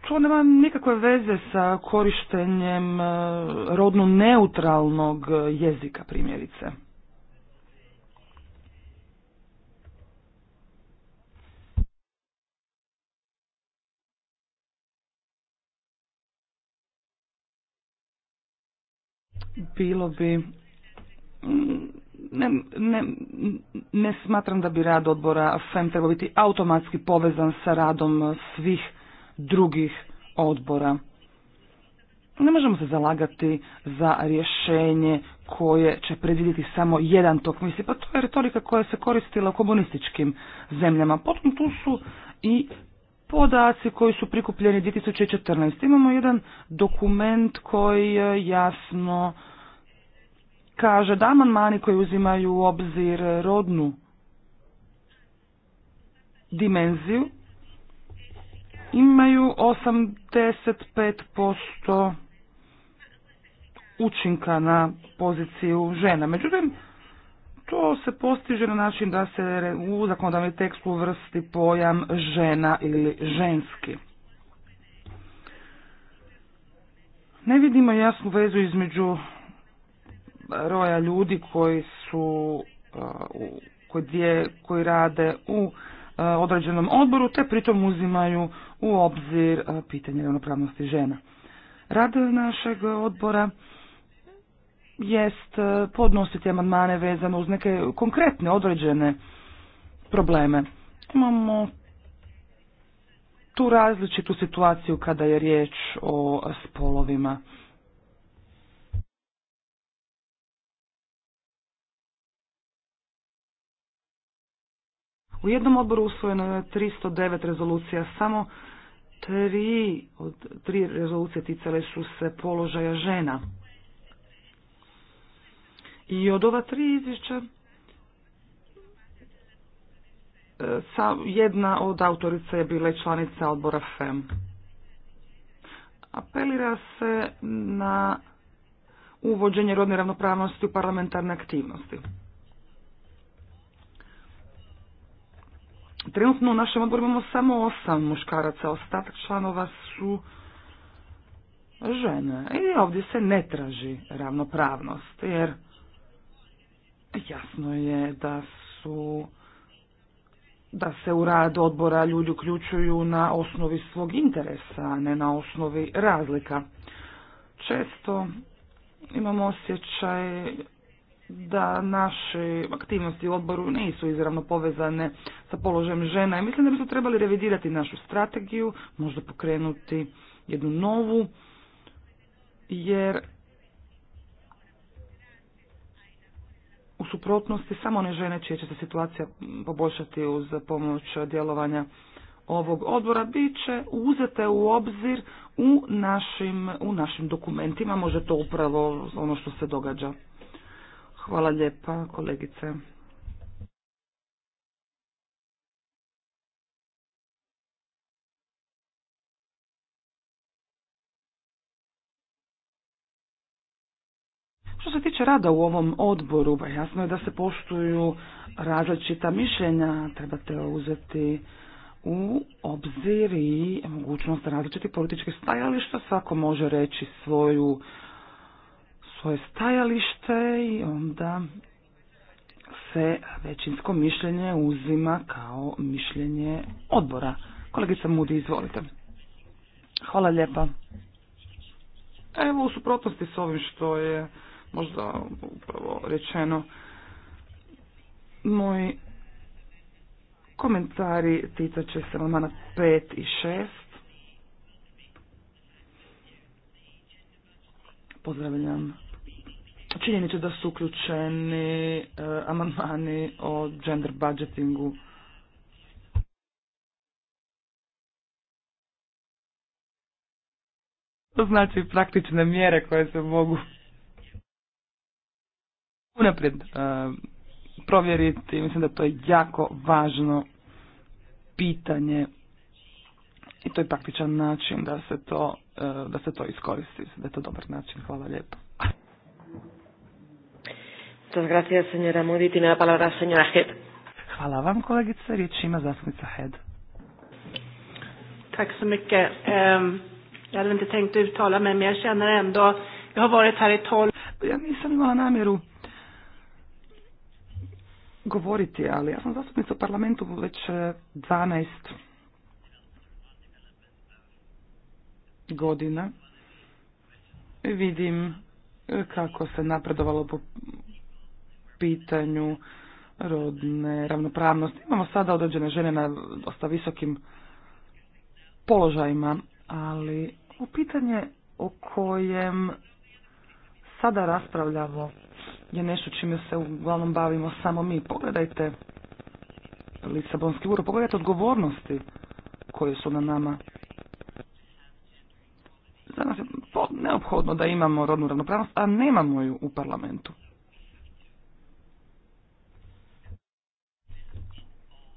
to nema nikakve veze sa korištenjem e, rodno neutralnog jezika primjerice. bilo bi ne, ne smatram da bi rad odbora FEM trebao biti automatski povezan sa radom svih drugih odbora. Ne možemo se zalagati za rješenje koje će predvidjeti samo jedan tok misli. Pa to je retorika koja se koristila u komunističkim zemljama. Potom tu su i podaci koji su prikupljeni 2014. Imamo jedan dokument koji e, jasno kaže da amandmani koji uzimaju u obzir rodnu dimenziju imaju 85% učinka na poziciju žena. Međutim, to se postiže na način da se u zakonodavni tekst uvrsti pojam žena ili ženski. Ne vidimo jasnu vezu između roja ljudi koji su uh, koji, dje, koji rade u uh, određenom odboru te pritom uzimaju u obzir uh, pitanje ravnopravnosti žena. Rad našeg odbora jest e, podnositi amandmane vezano uz neke konkretne određene probleme. Imamo tu različitu situaciju kada je riječ o spolovima. U jednom odboru usvojeno je 309 rezolucija, samo tri od tri rezolucije ticale su se položaja žena. I od ova tri izvješća e, jedna od autorica je bila članica odbora FEM. Apelira se na uvođenje rodne ravnopravnosti u parlamentarne aktivnosti. Trenutno u našem odboru imamo samo osam muškaraca, ostatak članova su žene. I ovdje se ne traži ravnopravnost, jer Jasno je da su da se u rad odbora ljudi uključuju na osnovi svog interesa, a ne na osnovi razlika. Često imamo osjećaj da naše aktivnosti u odboru nisu izravno povezane sa položajem žena i mislim da bismo trebali revidirati našu strategiju, možda pokrenuti jednu novu, jer suprotnosti samo ne žene čije će se situacija poboljšati uz pomoć djelovanja ovog odbora bit će uzete u obzir u našim, u našim dokumentima, može to upravo ono što se događa. Hvala lijepa kolegice. Što se tiče rada u ovom odboru, ba pa jasno je da se poštuju različita mišljenja, trebate uzeti u obzir i mogućnost različitih političkih stajališta, svako može reći svoju, svoje stajalište i onda se većinsko mišljenje uzima kao mišljenje odbora. Kolegica Mudi, izvolite. Hvala lijepa. Evo u suprotnosti s ovim što je možda upravo rečeno, moji komentari ticat će se na 5 i 6. Pozdravljam činjenicu da su uključeni e, amandmani o gender budgetingu. To znači praktične mjere koje se mogu unaprijed uh, provjeriti. Mislim da to je jako važno pitanje i to je praktičan način da se to, uh, da se to iskoristi. Da je to dobar način. Hvala lijepo. Muchas gracias, señora Moody. Tiene la palabra señora Head. Hvala vam, kolegice. Riječ ima zastupnica Head. Tack så mycket. Ehm, jag hade inte tänkt uttala mig, men jag känner ändå... Jag har varit här i tolv... Ja nisam imala namjeru govoriti, ali ja sam zastupnica u parlamentu već 12 e, godina. Vidim e, kako se napredovalo po pitanju rodne ravnopravnosti. Imamo sada određene žene na dosta visokim položajima, ali u pitanje o kojem sada raspravljamo je nešto čime se uglavnom bavimo samo mi. Pogledajte Lisabonski ugovor, pogledajte odgovornosti koje su na nama. Za je neophodno da imamo rodnu ravnopravnost, a nemamo ju u parlamentu.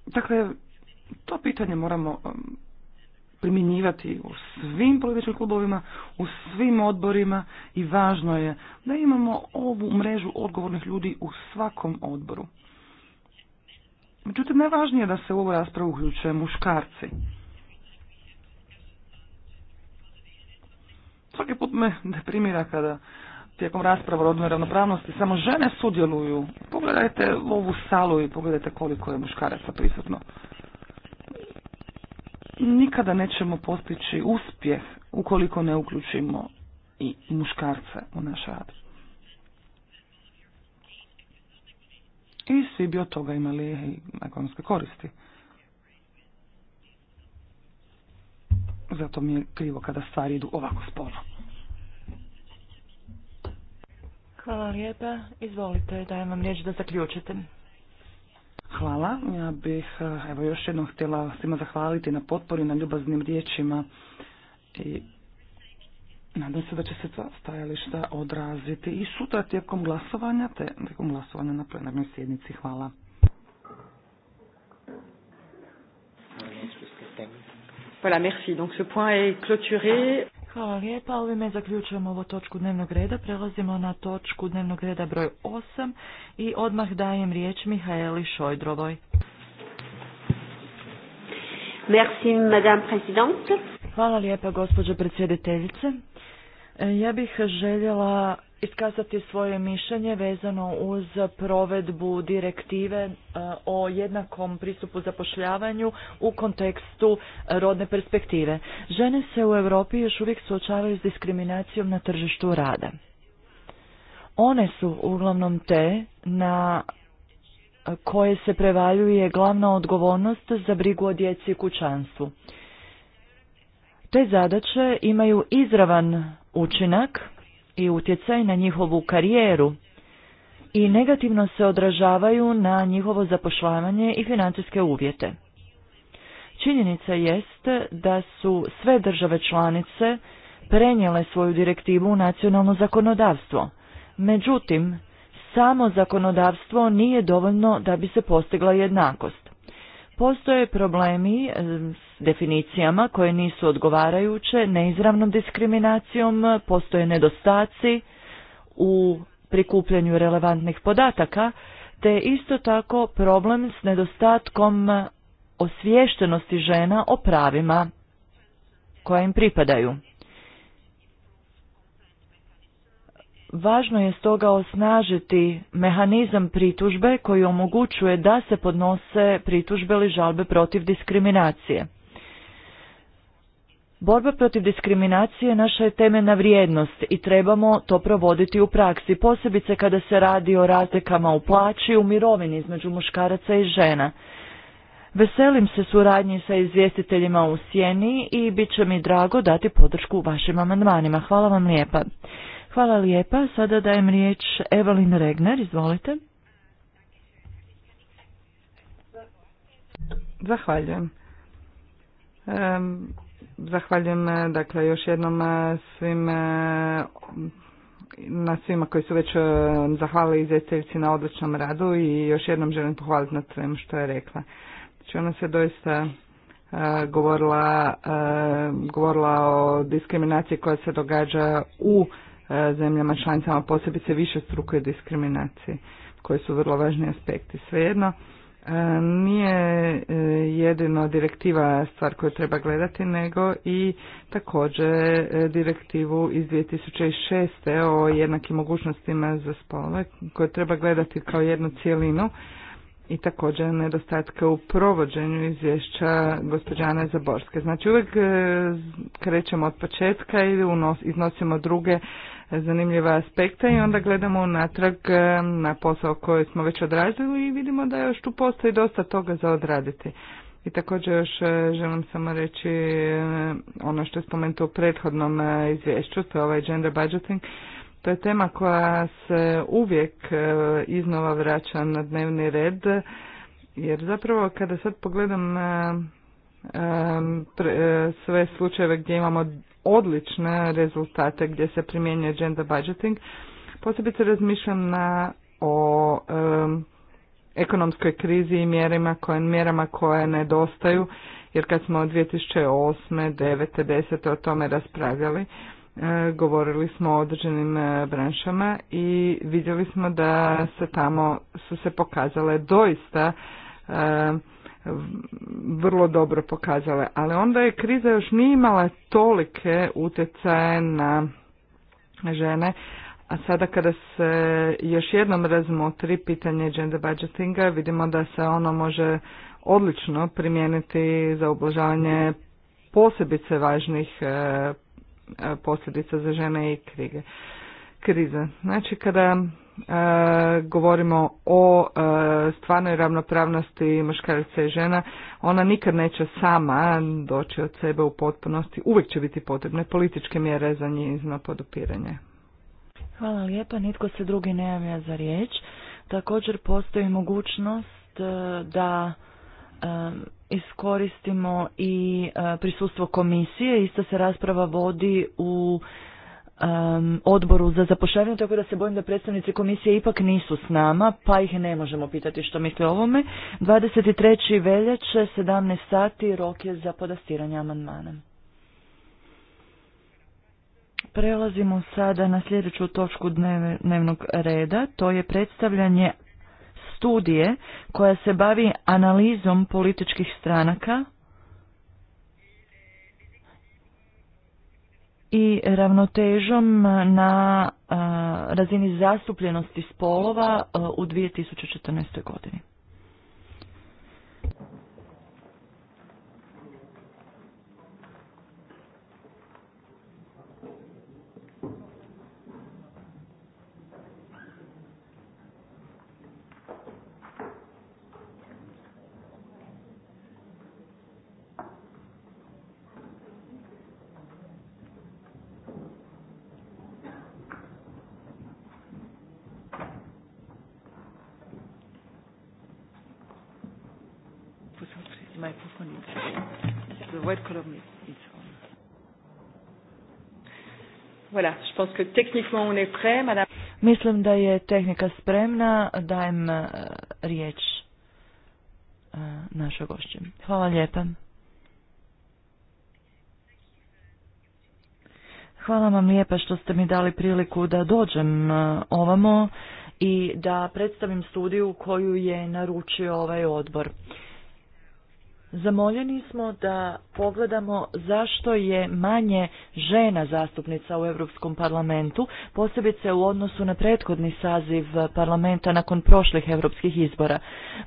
Dakle, to pitanje moramo um, primjenjivati u svim političkim klubovima, u svim odborima i važno je da imamo ovu mrežu odgovornih ljudi u svakom odboru. Međutim, najvažnije je da se u ovu raspravu uključuje muškarci. Svaki put me deprimira kada tijekom rasprava o rodnoj ravnopravnosti samo žene sudjeluju. Pogledajte ovu salu i pogledajte koliko je muškaraca prisutno nikada nećemo postići uspjeh ukoliko ne uključimo i muškarce u naš rad. I svi bi od toga imali ekonomske koristi. Zato mi je krivo kada stvari idu ovako sporo. Hvala lijepa. Izvolite, dajem vam riječ da zaključite. Hvala. Ja bih e, evo još jednom htjela svima zahvaliti na potpori, na ljubaznim riječima i nadam se da će se ta stajališta odraziti i sutra tijekom glasovanja, te tijekom glasovanja na plenarnoj sjednici. Hvala. Voilà, merci. Donc ce point est clôturé. Hvala lijepa, ovime zaključujemo ovu točku dnevnog reda. Prelazimo na točku dnevnog reda broj 8 i odmah dajem riječ Mihaeli Šojdrovoj. Merci, madame presidente. Hvala lijepa, gospođo predsjediteljice. E, ja bih željela iskazati svoje mišljenje vezano uz provedbu direktive e, o jednakom pristupu zapošljavanju u kontekstu rodne perspektive. Žene se u Europi još uvijek suočavaju s diskriminacijom na tržištu rada. One su uglavnom te na koje se prevaljuje glavna odgovornost za brigu o djeci i kućanstvu. Te zadaće imaju izravan učinak i utjecaj na njihovu karijeru i negativno se odražavaju na njihovo zapošljavanje i financijske uvjete. Činjenica jest da su sve države članice prenijele svoju direktivu u nacionalno zakonodavstvo. Međutim, samo zakonodavstvo nije dovoljno da bi se postigla jednakost. Postoje problemi s definicijama koje nisu odgovarajuće, neizravnom diskriminacijom, postoje nedostaci u prikupljanju relevantnih podataka, te isto tako problem s nedostatkom osviještenosti žena o pravima koja im pripadaju. Važno je stoga osnažiti mehanizam pritužbe koji omogućuje da se podnose pritužbe ili žalbe protiv diskriminacije. Borba protiv diskriminacije naša je temeljna vrijednost i trebamo to provoditi u praksi, posebice kada se radi o razlikama u plaći i u mirovini između muškaraca i žena. Veselim se suradnji sa izvjestiteljima u Sjeni i bit će mi drago dati podršku vašim amandmanima. Hvala vam lijepa. Hvala lijepa. Sada dajem riječ Evalin Regner, izvolite. Zahvaljujem. Zahvaljujem e, dakle još jednom e, svim e, na svima koji su već zahvalili izvjestiteljici na odličnom radu i još jednom želim pohvaliti na svemu što je rekla. Znači ona se doista govorila, govorila o diskriminaciji koja se događa u E, zemljama članicama, posebice više struke diskriminacije, koje su vrlo važni aspekti. Svejedno, e, nije e, jedino direktiva stvar koju treba gledati, nego i također direktivu iz 2006. o jednakim mogućnostima za spolove, koje treba gledati kao jednu cijelinu i također nedostatke u provođenju izvješća gospođane Zaborske. Znači uvijek krećemo od početka i iznosimo druge zanimljiva aspekta i onda gledamo natrag eh, na posao koji smo već odradili i vidimo da još tu postoji dosta toga za odraditi. I također još eh, želim samo reći eh, ono što je spomenuto u prethodnom izvješću, to je ovaj gender budgeting. To je tema koja se uvijek iznova vraća na dnevni red, jer zapravo kada sad pogledam sve slučajeve gdje imamo odlične rezultate gdje se primjenjuje gender budgeting. Posebice razmišljam o ekonomskoj krizi i mjerima koje, mjerama koje nedostaju, jer kad smo od 2008. 9. 10. o tome raspravljali, e, govorili smo o određenim e, branšama i vidjeli smo da se tamo su se pokazale doista vrlo dobro pokazale. Ali onda je kriza još nije imala tolike utjecaje na žene, a sada kada se još jednom razmotri pitanje gender budgetinga, vidimo da se ono može odlično primijeniti za ublažavanje posebice važnih e, e, posljedica za žene i krize. Znači kada E, govorimo o e, stvarnoj ravnopravnosti muškaraca i žena, ona nikad neće sama doći od sebe u potpunosti. Uvijek će biti potrebne političke mjere za njezino podupiranje. Hvala lijepa, nitko se drugi ne javlja za riječ. Također postoji mogućnost e, da iskoristimo i prisustvo komisije. Isto se rasprava vodi u odboru za zapošljavanje, tako da se bojim da predstavnici komisije ipak nisu s nama, pa ih ne možemo pitati što misle o ovome. 23. veljače, 17 sati, rok je za podastiranje amandmana. Prelazimo sada na sljedeću točku dnevnog reda, to je predstavljanje studije koja se bavi analizom političkih stranaka i ravnotežom na razini zastupljenosti spolova u 2014. godini. pense que techniquement on est prêt, madame. Mislim da je tehnika spremna, dajem e, riječ e, našoj gošći. Hvala lijepa. Hvala vam lijepa što ste mi dali priliku da dođem e, ovamo i da predstavim studiju koju je naručio ovaj odbor. Zamoljeni smo da pogledamo zašto je manje žena zastupnica u Europskom parlamentu, posebice u odnosu na prethodni saziv parlamenta nakon prošlih europskih izbora.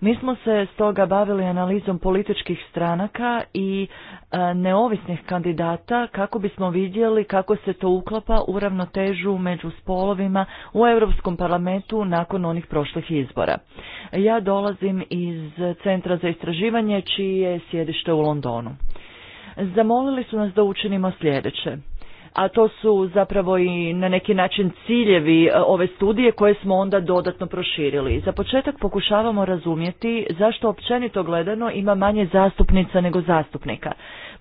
Mi smo se stoga bavili analizom političkih stranaka i e, neovisnih kandidata kako bismo vidjeli kako se to uklapa u ravnotežu među spolovima u Europskom parlamentu nakon onih prošlih izbora. Ja dolazim iz Centra za istraživanje čiji je sjedište u Londonu. Zamolili su nas da učinimo sljedeće a to su zapravo i na neki način ciljevi e, ove studije koje smo onda dodatno proširili. Za početak pokušavamo razumjeti zašto općenito gledano ima manje zastupnica nego zastupnika.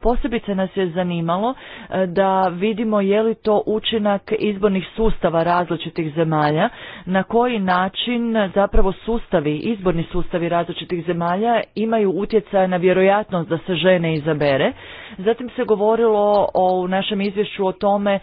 Posebice nas je zanimalo e, da vidimo je li to učinak izbornih sustava različitih zemalja, na koji način zapravo sustavi, izborni sustavi različitih zemalja imaju utjecaj na vjerojatnost da se žene izabere. Zatim se govorilo o, u našem izvješću o tome e,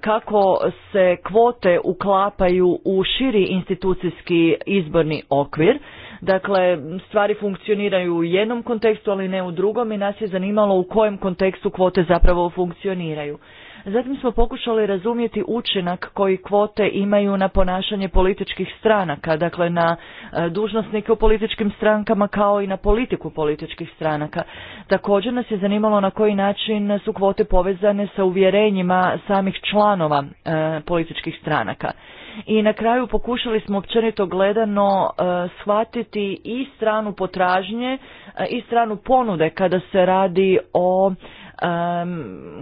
kako se kvote uklapaju u širi institucijski izborni okvir Dakle, stvari funkcioniraju u jednom kontekstu, ali ne u drugom i nas je zanimalo u kojem kontekstu kvote zapravo funkcioniraju. Zatim smo pokušali razumjeti učinak koji kvote imaju na ponašanje političkih stranaka, dakle na e, dužnosnike u političkim strankama kao i na politiku političkih stranaka. Također nas je zanimalo na koji način su kvote povezane sa uvjerenjima samih članova e, političkih stranaka i na kraju pokušali smo općenito gledano e, shvatiti i stranu potražnje e, i stranu ponude kada se radi o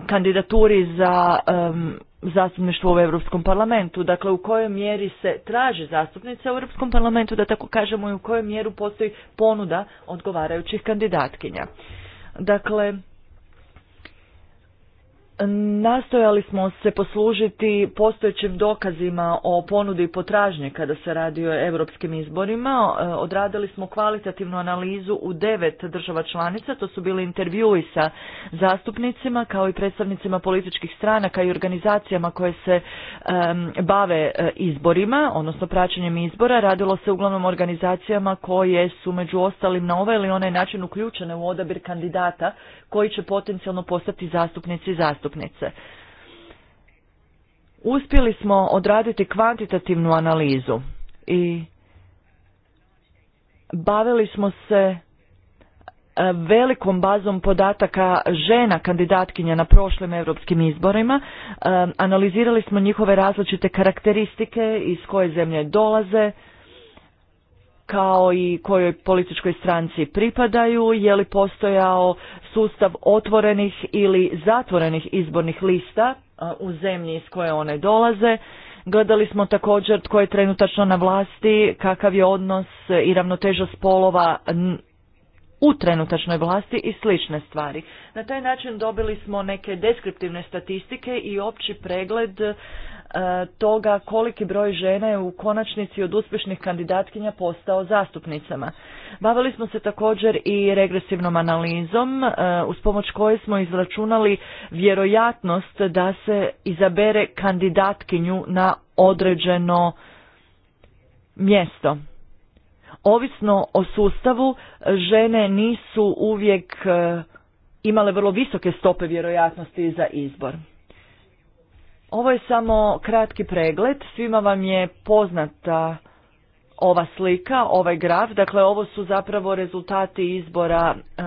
kandidaturi za zastupništvo u Europskom parlamentu, dakle u kojoj mjeri se traži zastupnica u Europskom parlamentu, da tako kažemo, i u kojoj mjeru postoji ponuda odgovarajućih kandidatkinja. Dakle, Nastojali smo se poslužiti postojećim dokazima o ponudi i potražnje kada se radi o europskim izborima. E, odradili smo kvalitativnu analizu u devet država članica, to su bili intervjui sa zastupnicima kao i predstavnicima političkih stranaka i organizacijama koje se bave e, izborima, odnosno praćenjem izbora. Radilo se uglavnom organizacijama koje su među ostalim na ovaj ili onaj način uključene u odabir kandidata koji će potencijalno postati zastupnici i zastupnici zastupnice. Uspjeli smo odraditi kvantitativnu analizu i bavili smo se e, velikom bazom podataka žena kandidatkinja na prošlim europskim izborima. E, analizirali smo njihove različite karakteristike, iz koje zemlje dolaze, kao i kojoj političkoj stranci pripadaju, je li postojao sustav otvorenih ili zatvorenih izbornih lista u zemlji iz koje one dolaze. Gledali smo također tko je trenutačno na vlasti, kakav je odnos i ravnoteža spolova u trenutačnoj vlasti i slične stvari. Na taj način dobili smo neke deskriptivne statistike i opći pregled E, toga koliki broj žena je u konačnici od uspješnih kandidatkinja postao zastupnicama. Bavili smo se također i regresivnom analizom e, uz pomoć koje smo izračunali vjerojatnost da se izabere kandidatkinju na određeno mjesto. Ovisno o sustavu, žene nisu uvijek e, imale vrlo visoke stope vjerojatnosti za izbor. Ovo je samo kratki pregled, svima vam je poznata ova slika, ovaj graf, dakle ovo su zapravo rezultati izbora e,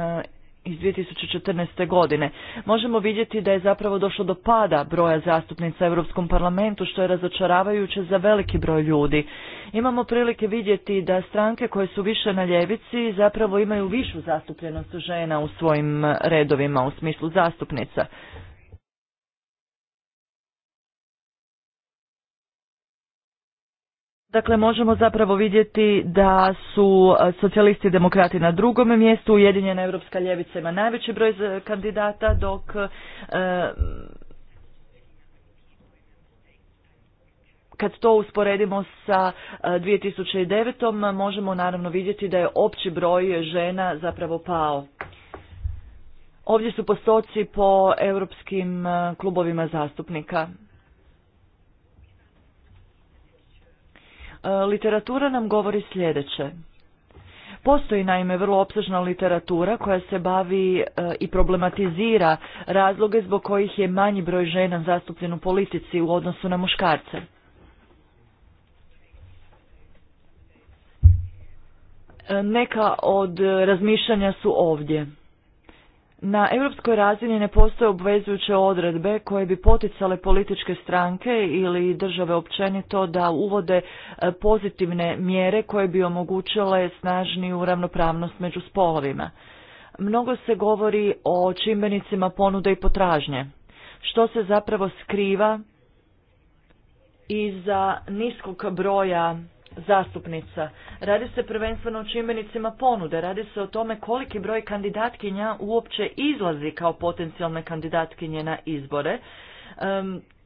iz 2014. godine. Možemo vidjeti da je zapravo došlo do pada broja zastupnica u Europskom parlamentu, što je razočaravajuće za veliki broj ljudi. Imamo prilike vidjeti da stranke koje su više na ljevici zapravo imaju višu zastupljenost žena u svojim redovima u smislu zastupnica. Dakle, možemo zapravo vidjeti da su e, socijalisti i demokrati na drugom mjestu, Ujedinjena Europska ljevica ima najveći broj kandidata, dok e, kad to usporedimo sa 2009. E, možemo naravno vidjeti da je opći broj žena zapravo pao. Ovdje su postoci po europskim klubovima zastupnika. E, literatura nam govori sljedeće. Postoji naime vrlo opsežna literatura koja se bavi e, i problematizira razloge zbog kojih je manji broj žena zastupljen u politici u odnosu na muškarce. E, neka od razmišljanja su ovdje. Na europskoj razini ne postoje obvezujuće odredbe koje bi poticale političke stranke ili države općenito da uvode e, pozitivne mjere koje bi omogućile snažniju ravnopravnost među spolovima. Mnogo se govori o čimbenicima ponude i potražnje. Što se zapravo skriva iza niskog broja zastupnica. Radi se prvenstveno o čimbenicima ponude, radi se o tome koliki broj kandidatkinja uopće izlazi kao potencijalne kandidatkinje na izbore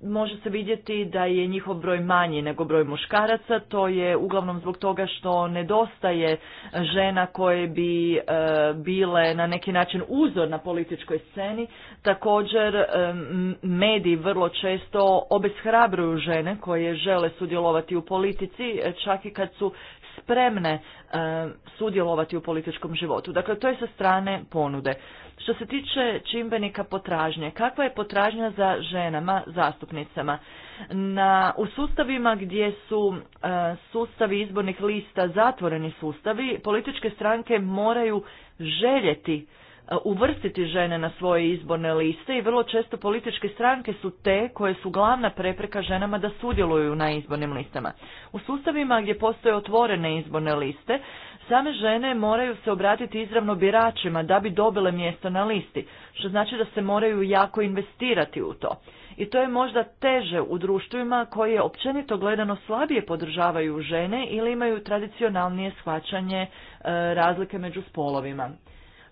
može se vidjeti da je njihov broj manji nego broj muškaraca. To je uglavnom zbog toga što nedostaje žena koje bi e, bile na neki način uzor na političkoj sceni. Također mediji vrlo često obeshrabruju žene koje žele sudjelovati u politici e, čak i kad su spremne E, sudjelovati u političkom životu. Dakle, to je sa strane ponude. Što se tiče čimbenika potražnje, kakva je potražnja za ženama, zastupnicama? Na, u sustavima gdje su e, sustavi izbornih lista zatvoreni sustavi, političke stranke moraju željeti uvrstiti žene na svoje izborne liste i vrlo često političke stranke su te koje su glavna prepreka ženama da sudjeluju na izbornim listama. U sustavima gdje postoje otvorene izborne liste, same žene moraju se obratiti izravno biračima da bi dobile mjesto na listi, što znači da se moraju jako investirati u to. I to je možda teže u društvima koje općenito gledano slabije podržavaju žene ili imaju tradicionalnije shvaćanje e, razlike među spolovima.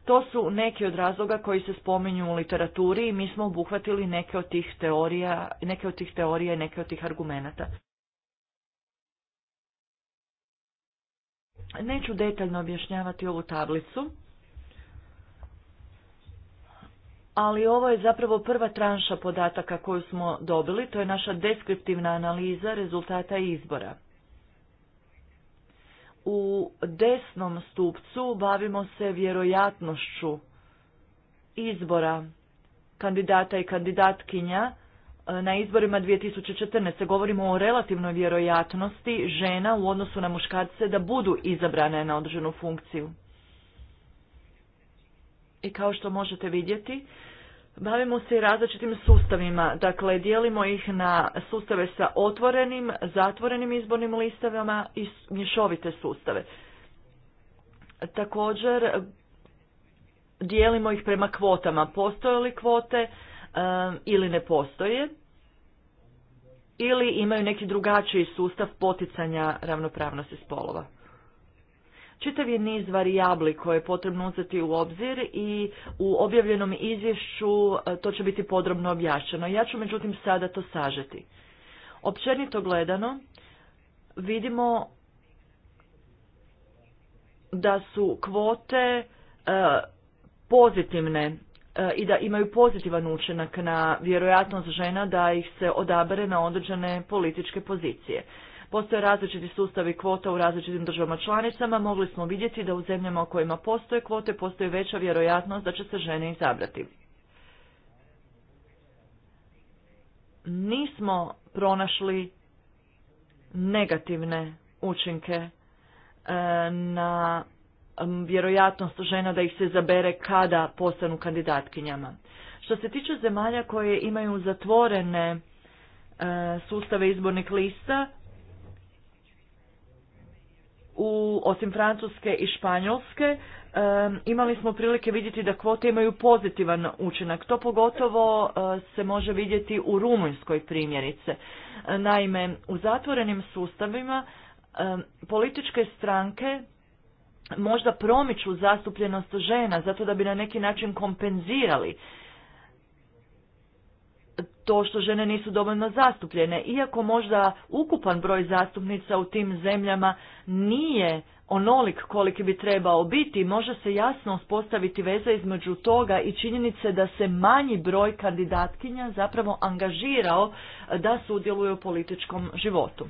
To su neki od razloga koji se spominju u literaturi i mi smo obuhvatili neke od tih teorija, neke od tih teorija i neke od tih argumenata. Neću detaljno objašnjavati ovu tablicu, ali ovo je zapravo prva tranša podataka koju smo dobili, to je naša deskriptivna analiza rezultata izbora. U desnom stupcu bavimo se vjerojatnošću izbora kandidata i kandidatkinja e, na izborima 2014. Govorimo o relativnoj vjerojatnosti žena u odnosu na muškarce da budu izabrane na određenu funkciju. I kao što možete vidjeti, Bavimo se i različitim sustavima, dakle dijelimo ih na sustave sa otvorenim, zatvorenim izbornim listavama i mješovite sustave. Također dijelimo ih prema kvotama, postoje li kvote e, ili ne postoje ili imaju neki drugačiji sustav poticanja ravnopravnosti spolova čitav je niz varijabli koje je potrebno uzeti u obzir i u objavljenom izvješću e, to će biti podrobno objašnjeno. Ja ću međutim sada to sažeti. Općenito gledano vidimo da su kvote e, pozitivne e, i da imaju pozitivan učinak na vjerojatnost žena da ih se odabere na određene političke pozicije. Postoje različiti sustavi kvota u različitim državama članicama. Mogli smo vidjeti da u zemljama u kojima postoje kvote postoji veća vjerojatnost da će se žene izabrati. Nismo pronašli negativne učinke e, na vjerojatnost žena da ih se zabere kada postanu kandidatkinjama. Što se tiče zemalja koje imaju zatvorene e, sustave izbornih lista, u, osim Francuske i Španjolske, imali smo prilike vidjeti da kvote imaju pozitivan učinak. To pogotovo e, se može vidjeti u Rumunjskoj primjerice. Naime, u zatvorenim sustavima političke stranke možda promiču zastupljenost žena zato da bi na neki način kompenzirali to što žene nisu dovoljno zastupljene, iako možda ukupan broj zastupnica u tim zemljama nije onolik koliki bi trebao biti, može se jasno uspostaviti veza između toga i činjenice da se manji broj kandidatkinja zapravo angažirao da sudjeluje u političkom životu.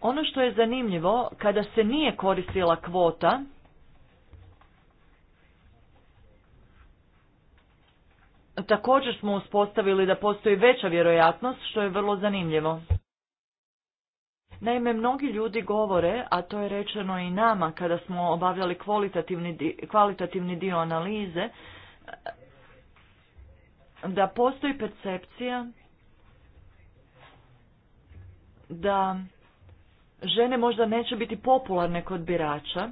Ono što je zanimljivo, kada se nije koristila kvota, također smo uspostavili da postoji veća vjerojatnost, što je vrlo zanimljivo. Naime, mnogi ljudi govore, a to je rečeno i nama kada smo obavljali kvalitativni, kvalitativni dio analize, da postoji percepcija da žene možda neće biti popularne kod birača,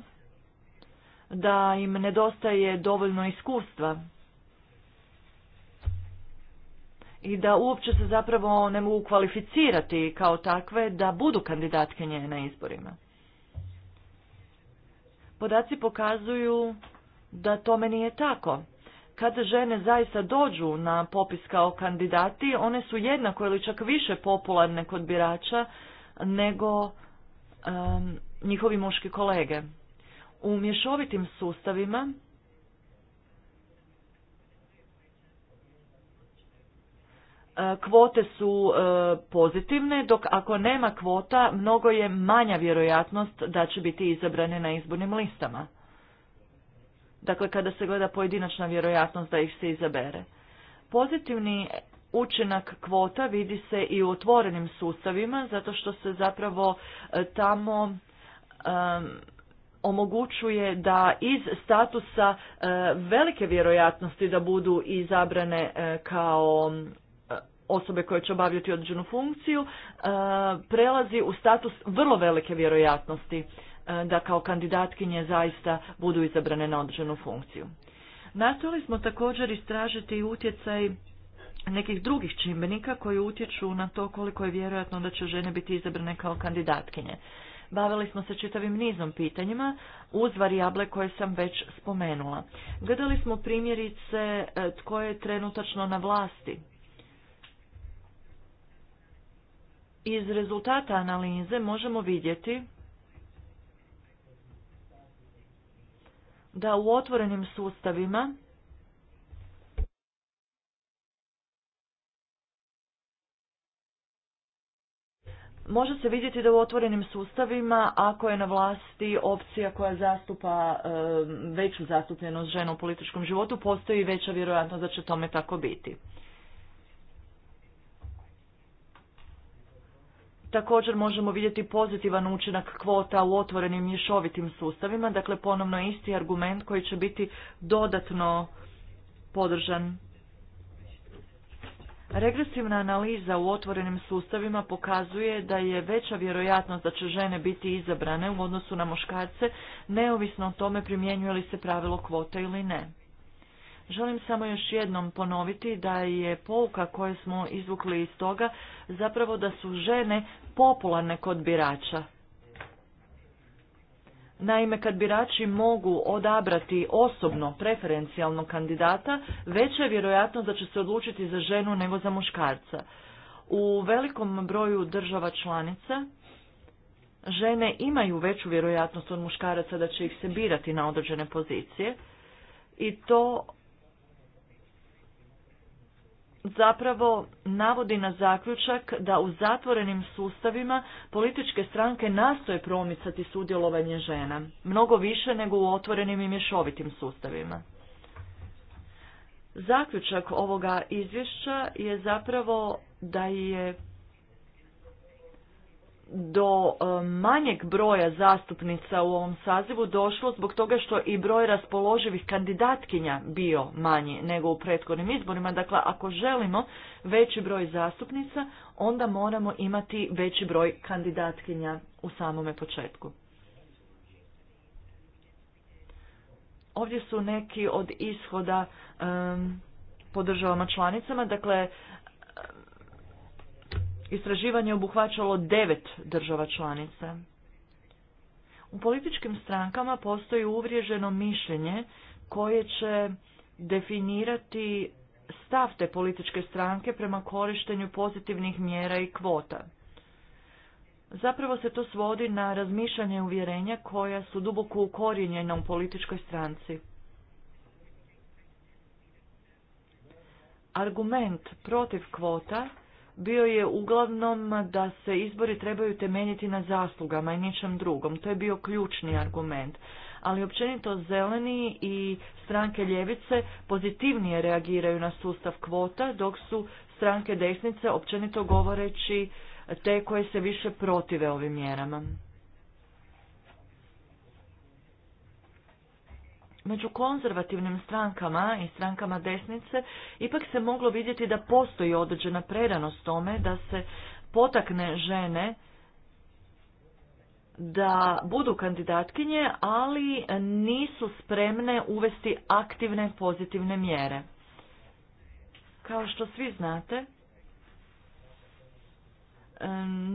da im nedostaje dovoljno iskustva i da uopće se zapravo ne mogu kvalificirati kao takve da budu kandidatkinje na izborima. Podaci pokazuju da tome nije tako. Kad žene zaista dođu na popis kao kandidati, one su jednako ili čak više popularne kod birača nego um, njihovi muški kolege. U mješovitim sustavima kvote su e, pozitivne, dok ako nema kvota, mnogo je manja vjerojatnost da će biti izabrane na izbornim listama. Dakle, kada se gleda pojedinačna vjerojatnost da ih se izabere. Pozitivni učinak kvota vidi se i u otvorenim sustavima, zato što se zapravo e, tamo omogućuje da iz statusa e, velike vjerojatnosti da budu izabrane kao osobe koje će obavljati određenu funkciju e, prelazi u status vrlo velike vjerojatnosti e, da kao kandidatkinje zaista budu izabrane na određenu funkciju. Nastavili smo također istražiti utjecaj nekih drugih čimbenika koji utječu na to koliko je vjerojatno da će žene biti izabrane kao kandidatkinje. Bavili smo se čitavim nizom pitanjima uz varijable koje sam već spomenula. Gledali smo primjerice e, tko je trenutačno na vlasti, Iz rezultata analize možemo vidjeti da u otvorenim sustavima Može se vidjeti da u otvorenim sustavima, ako je na vlasti opcija koja zastupa e, veću zastupljenost žena u političkom životu, postoji veća vjerojatnost da će tome tako biti. Također možemo vidjeti pozitivan učinak kvota u otvorenim mješovitim sustavima, dakle ponovno isti argument koji će biti dodatno podržan. Regresivna analiza u otvorenim sustavima pokazuje da je veća vjerojatnost da će žene biti izabrane u odnosu na moškarce, neovisno o tome primjenjuje li se pravilo kvota ili ne. Želim samo još jednom ponoviti da je pouka koju smo izvukli iz toga zapravo da su žene popularne kod birača. Naime, kad birači mogu odabrati osobno preferencijalnog kandidata, veća je vjerojatnost da će se odlučiti za ženu nego za muškarca. U velikom broju država članica žene imaju veću vjerojatnost od muškaraca da će ih se birati na određene pozicije i to zapravo navodi na zaključak da u zatvorenim sustavima političke stranke nastoje promicati sudjelovanje žena, mnogo više nego u otvorenim i mješovitim sustavima. Zaključak ovoga izvješća je zapravo da je do e, manjeg broja zastupnica u ovom sazivu došlo zbog toga što i broj raspoloživih kandidatkinja bio manji nego u prethodnim izborima. Dakle, ako želimo veći broj zastupnica, onda moramo imati veći broj kandidatkinja u samome početku. Ovdje su neki od ishoda um, po državama članicama, dakle Istraživanje obuhvaćalo devet država članica. U političkim strankama postoji uvriježeno mišljenje koje će definirati stav te političke stranke prema korištenju pozitivnih mjera i kvota. Zapravo se to svodi na razmišljanje uvjerenja koja su duboko ukorijenjena u političkoj stranci. Argument protiv kvota bio je uglavnom da se izbori trebaju temeljiti na zaslugama i ničem drugom. To je bio ključni argument. Ali općenito zeleni i stranke ljevice pozitivnije reagiraju na sustav kvota, dok su stranke desnice općenito govoreći te koje se više protive ovim mjerama. među konzervativnim strankama i strankama desnice ipak se moglo vidjeti da postoji određena predanost tome da se potakne žene da budu kandidatkinje, ali nisu spremne uvesti aktivne pozitivne mjere. Kao što svi znate,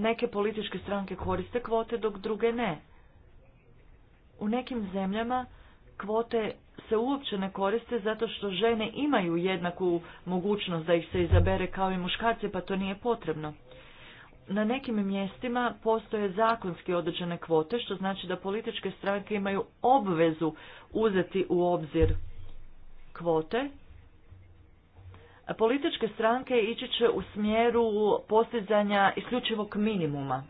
neke političke stranke koriste kvote, dok druge ne. U nekim zemljama kvote se uopće ne koriste zato što žene imaju jednaku mogućnost da ih se izabere kao i muškarci, pa to nije potrebno. Na nekim mjestima postoje zakonski određene kvote, što znači da političke stranke imaju obvezu uzeti u obzir kvote. političke stranke ići će u smjeru postizanja isključivog minimuma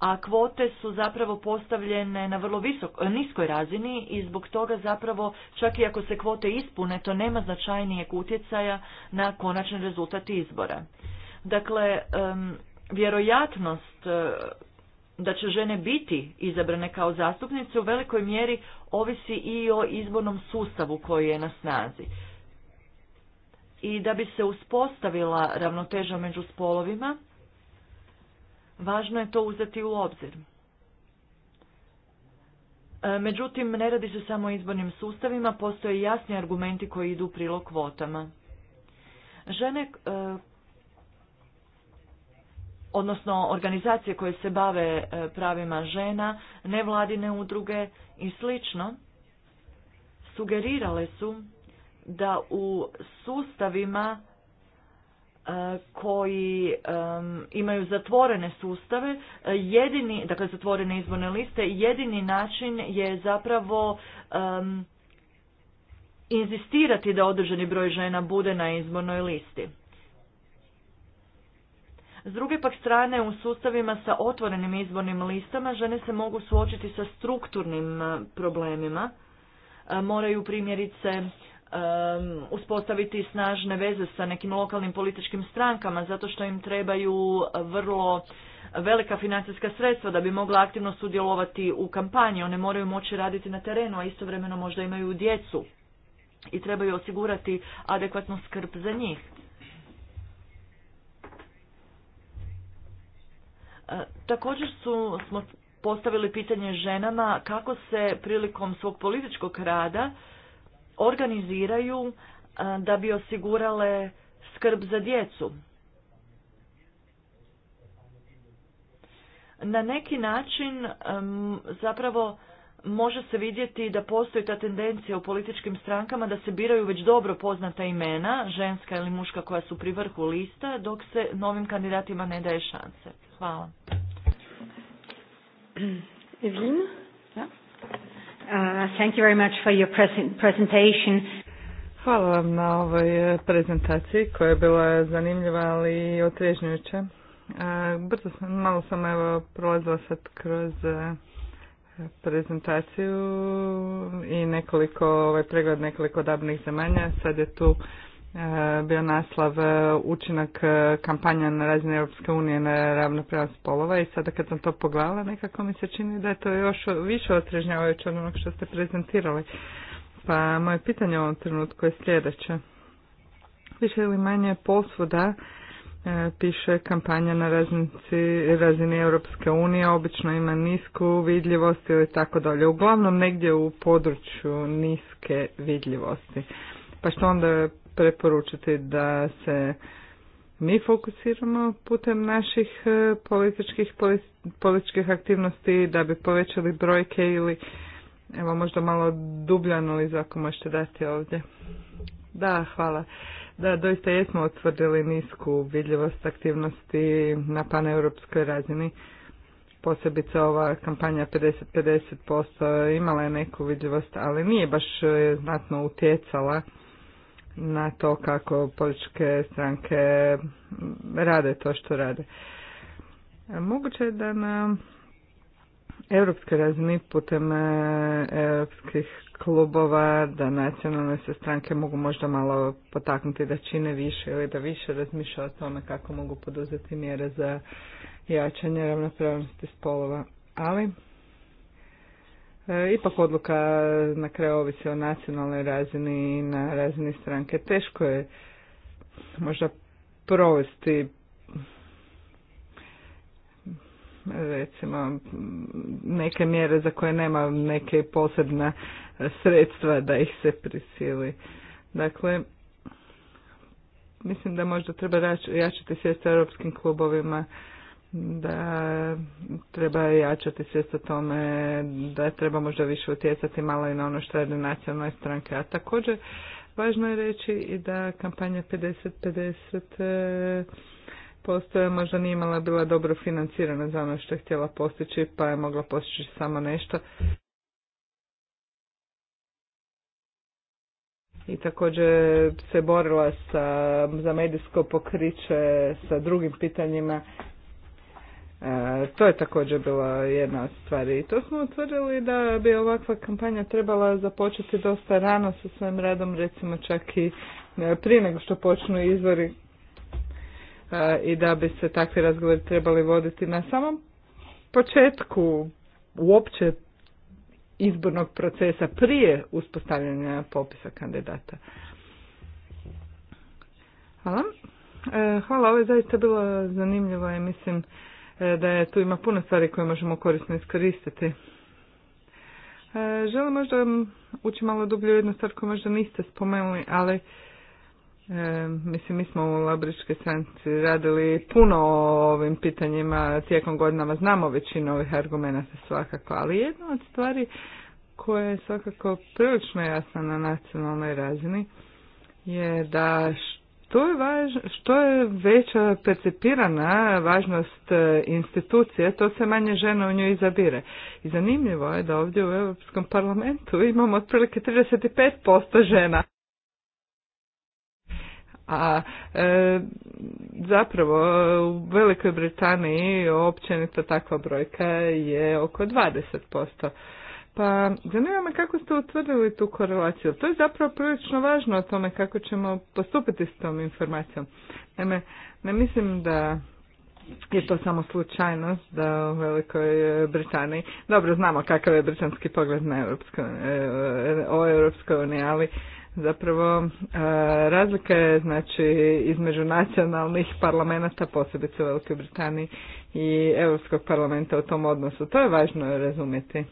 a kvote su zapravo postavljene na vrlo visok, eh, niskoj razini i zbog toga zapravo čak i ako se kvote ispune to nema značajnijeg utjecaja na konačni rezultat izbora. Dakle, vjerojatnost eh, da će žene biti izabrane kao zastupnice u velikoj mjeri ovisi i o izbornom sustavu koji je na snazi. I da bi se uspostavila ravnoteža među spolovima, Važno je to uzeti u obzir. E, međutim, ne radi se samo o izbornim sustavima, postoje jasni argumenti koji idu u prilog kvotama. Žene, e, odnosno organizacije koje se bave e, pravima žena, nevladine udruge i slično, sugerirale su da u sustavima E, koji e, imaju zatvorene sustave, e, jedini, dakle zatvorene izborne liste, jedini način je zapravo um, inzistirati da određeni broj žena bude na izbornoj listi. S druge pak strane, u sustavima sa otvorenim izbornim listama žene se mogu suočiti sa strukturnim problemima. Moraju primjerice um, uspostaviti snažne veze sa nekim lokalnim političkim strankama zato što im trebaju vrlo velika financijska sredstva da bi mogla aktivno sudjelovati u kampanji. One moraju moći raditi na terenu, a istovremeno možda imaju djecu i trebaju osigurati adekvatnu skrb za njih. E, također su, smo postavili pitanje ženama kako se prilikom svog političkog rada organiziraju da bi osigurale skrb za djecu. Na neki način zapravo može se vidjeti da postoji ta tendencija u političkim strankama da se biraju već dobro poznata imena, ženska ili muška koja su pri vrhu lista, dok se novim kandidatima ne daje šanse. Hvala. evin Ja? Uh, thank you very much for your presentation. Hvala vam na ovoj e, prezentaciji koja je bila zanimljiva ali i otrežnjuća. E, brzo sam, malo sam evo prolazila sad kroz e, prezentaciju i nekoliko, ovaj pregled nekoliko dabnih zemanja Sad je tu E, bio naslav e, učinak e, kampanja na razine Europske unije na ravnopravnost spolova i sada kad sam to pogledala nekako mi se čini da je to još više otrežnjavajuće od onog što ste prezentirali. Pa moje pitanje u ovom trenutku je sljedeće. Više ili manje posvuda piše kampanja na raznici, razini Europske unije, obično ima nisku vidljivost ili tako dalje. Uglavnom negdje u području niske vidljivosti. Pa što onda preporučiti da se mi fokusiramo putem naših e, političkih, političkih aktivnosti da bi povećali brojke ili evo možda malo dublju analizu ako možete dati ovdje. Da, hvala. Da, doista jesmo otvrdili nisku vidljivost aktivnosti na paneuropskoj razini. Posebice ova kampanja 50-50% imala je neku vidljivost, ali nije baš e, znatno utjecala na to kako političke stranke rade to što rade. Moguće je da na europske razini putem e, europskih klubova, da nacionalne se stranke mogu možda malo potaknuti da čine više ili da više razmišlja o tome kako mogu poduzeti mjere za jačanje ravnopravnosti spolova. Ali E, ipak odluka na kraju ovisi o nacionalnoj razini i na razini stranke. Teško je možda provesti recimo neke mjere za koje nema neke posebna sredstva da ih se prisili. Dakle, mislim da možda treba jačati svijest europskim klubovima da treba jačati svijest o tome da treba možda više utjecati malo i na ono što je nacionalne stranke. A također važno je reći i da kampanja 50-50 e, postoje možda nije imala bila dobro financirana za ono što je htjela postići pa je mogla postići samo nešto. i također se borila sa, za medijsko pokriće sa drugim pitanjima E, to je također bila jedna od stvari i to smo utvrdili da bi ovakva kampanja trebala započeti dosta rano sa svojim radom, recimo čak i e, prije nego što počnu izvori e, i da bi se takvi razgovori trebali voditi na samom početku uopće izbornog procesa prije uspostavljanja popisa kandidata. Hvala. E, hvala, ovo je zaista bilo zanimljivo i mislim E, da je tu ima puno stvari koje možemo korisno iskoristiti. E, želim možda ući malo dublje u jednu stvar koju možda niste spomenuli, ali e, mislim, mi smo u Labričke stranci radili puno o ovim pitanjima tijekom godinama, znamo većinu ovih argumenta svakako, ali jedna od stvari koja je svakako prilično jasna na nacionalnoj razini je da to je važ, što je veća percipirana važnost e, institucije, to se manje žena u njoj izabire. I zanimljivo je da ovdje u Europskom parlamentu imamo otprilike 35% žena. A e, zapravo u Velikoj Britaniji općenito takva brojka je oko 20%. Pa zanima me kako ste utvrdili tu korelaciju. To je zapravo prilično važno o tome kako ćemo postupiti s tom informacijom. Naime, ne mislim da je to samo slučajnost da u Velikoj e, Britaniji, dobro znamo kakav je britanski pogled na Europsko, e, o Europskoj uniji, ali zapravo e, razlika je znači između nacionalnih parlamenta, posebice u Velikoj Britaniji i Europskog parlamenta u tom odnosu. To je važno razumjeti.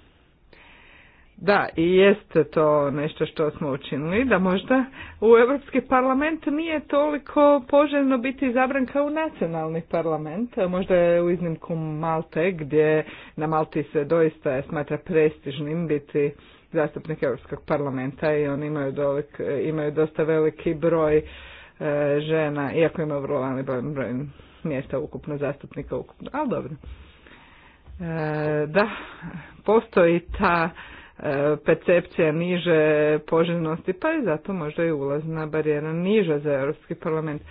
Da, i jest to nešto što smo učinili, da možda u Europski parlament nije toliko poželjno biti izabran kao u nacionalni parlament, možda je u iznimku Malte, gdje na Malti se doista smatra prestižnim biti zastupnik Europskog parlamenta i oni imaju, dolik, imaju dosta veliki broj e, žena, iako imaju vrlo mali broj, mjesta ukupno zastupnika, ukupno, ali dobro. E, da, postoji ta E, percepcija niže poželjnosti, pa i zato možda i ulazna barijera niža za Europski parlament.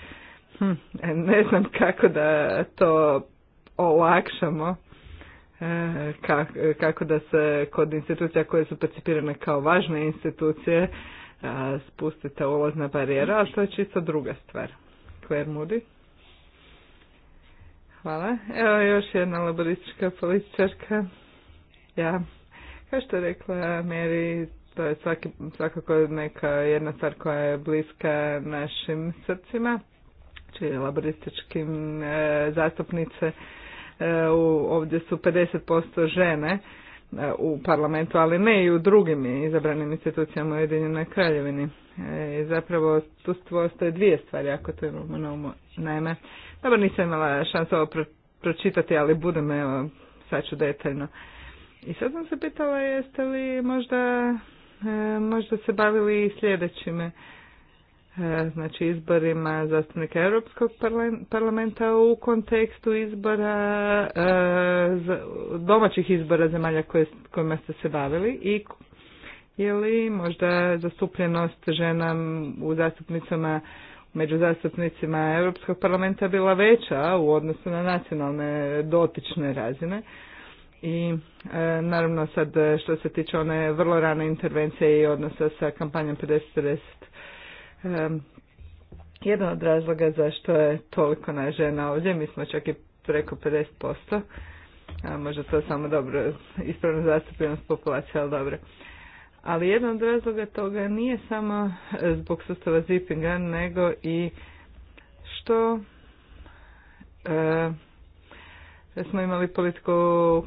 Hm, e, ne znam kako da to olakšamo, e, kako da se kod institucija koje su percipirane kao važne institucije spustite ulazna barijera, ali to je čisto druga stvar. Claire Moody. Hvala. Evo još jedna laboristička političarka. Ja kao što je rekla Mary, to je svaki, svakako neka jedna stvar koja je bliska našim srcima, čiji laborističkim e, zastupnice e, u, ovdje su 50% žene e, u parlamentu, ali ne i u drugim izabranim institucijama u Ujedinjenoj Kraljevini. zapravo tu stvoje dvije stvari ako to imamo na umu. Naime, dobro nisam imala šansu ovo pročitati, ali budem evo, sad ću detaljno. I sad sam se pitala jeste li možda, e, možda se bavili i sljedećime znači izborima zastupnika Europskog parlamenta u kontekstu izbora e, domaćih izbora zemalja kojima ste se bavili i je li možda zastupljenost žena u zastupnicama među zastupnicima Europskog parlamenta bila veća u odnosu na nacionalne dotične razine i e, naravno sad e, što se tiče one vrlo rane intervencije i odnosa sa kampanjom 50 50 e, jedan od razloga zašto je toliko na žena ovdje, mi smo čak i preko 50%, a možda to samo dobro, ispravna zastupljenost populacije, ali dobro. Ali jedan od razloga toga nije samo zbog sustava zippinga, nego i što e, smo imali politiku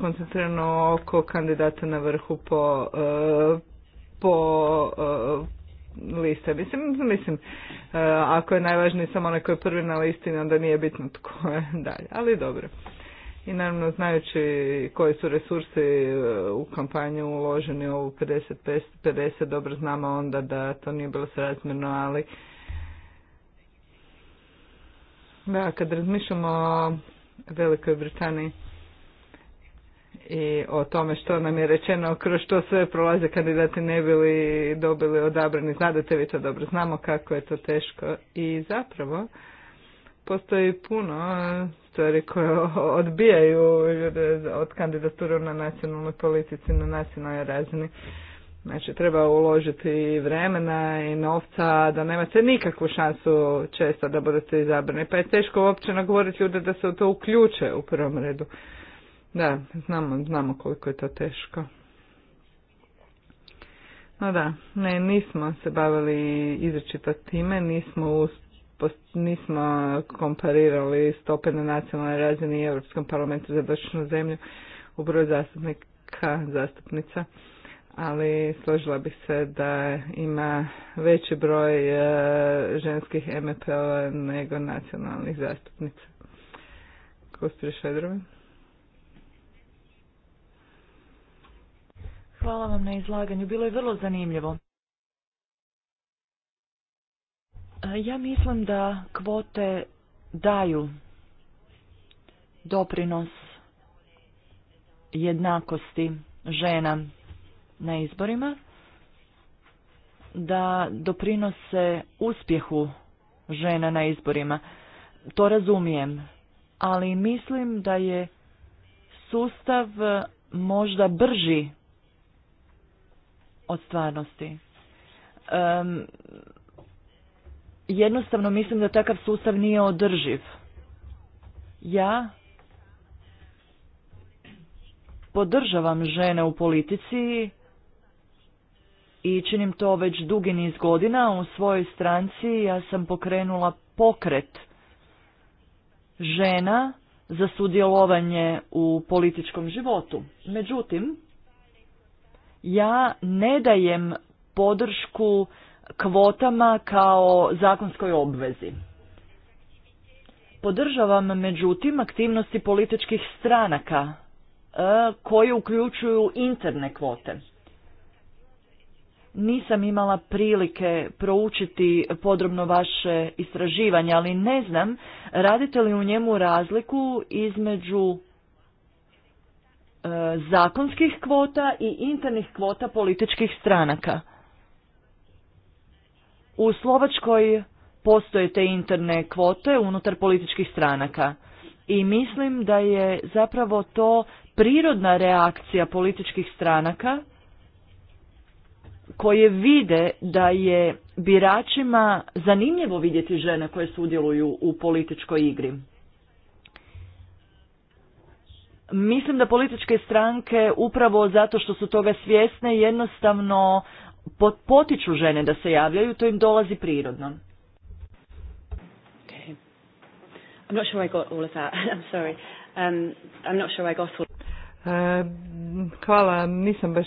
koncentrirano oko kandidata na vrhu po, e, po e, liste. Mislim, mislim e, ako je najvažniji samo onaj koji je prvi na listi, onda nije bitno tko je [laughs] dalje, ali dobro. I naravno, znajući koji su resursi u kampanju uloženi u ovu 50 50, dobro znamo onda da to nije bilo srazmjerno, ali da, kad razmišljamo Velikoj Britaniji i o tome što nam je rečeno, kroz što sve prolaze kandidati ne bili dobili odabrani. Znate vi to dobro, znamo kako je to teško i zapravo postoji puno e, stvari koje odbijaju od kandidaturu na nacionalnoj politici, na nacionalnoj razini. Znači treba uložiti vremena i novca da nemate nikakvu šansu često da budete izabrani. Pa je teško uopće nagovoriti ljude da se u to uključe u prvom redu. Da, znamo, znamo koliko je to teško. No da, ne, nismo se bavili izrečito time, nismo post nismo komparirali stope na nacionalnoj razini i Europskom parlamentu za dotičnu zemlju u broju zastupnika, zastupnica ali složila bi se da ima veći broj e, ženskih mep a nego nacionalnih zastupnica. Gospodin Šedrovi. Hvala vam na izlaganju, bilo je vrlo zanimljivo. E, ja mislim da kvote daju doprinos jednakosti žena na izborima, da doprinose uspjehu žena na izborima. To razumijem, ali mislim da je sustav možda brži od stvarnosti. Um, jednostavno mislim da takav sustav nije održiv. Ja podržavam žene u politici i činim to već dugi niz godina. U svojoj stranci ja sam pokrenula pokret žena za sudjelovanje u političkom životu. Međutim, ja ne dajem podršku kvotama kao zakonskoj obvezi. Podržavam međutim aktivnosti političkih stranaka e, koje uključuju interne kvote nisam imala prilike proučiti podrobno vaše istraživanje, ali ne znam radite li u njemu razliku između e, zakonskih kvota i internih kvota političkih stranaka. U Slovačkoj postoje te interne kvote unutar političkih stranaka i mislim da je zapravo to prirodna reakcija političkih stranaka koje vide da je biračima zanimljivo vidjeti žene koje sudjeluju u političkoj igri. Mislim da političke stranke upravo zato što su toga svjesne jednostavno potiču žene da se javljaju, to im dolazi prirodno. hvala, nisam baš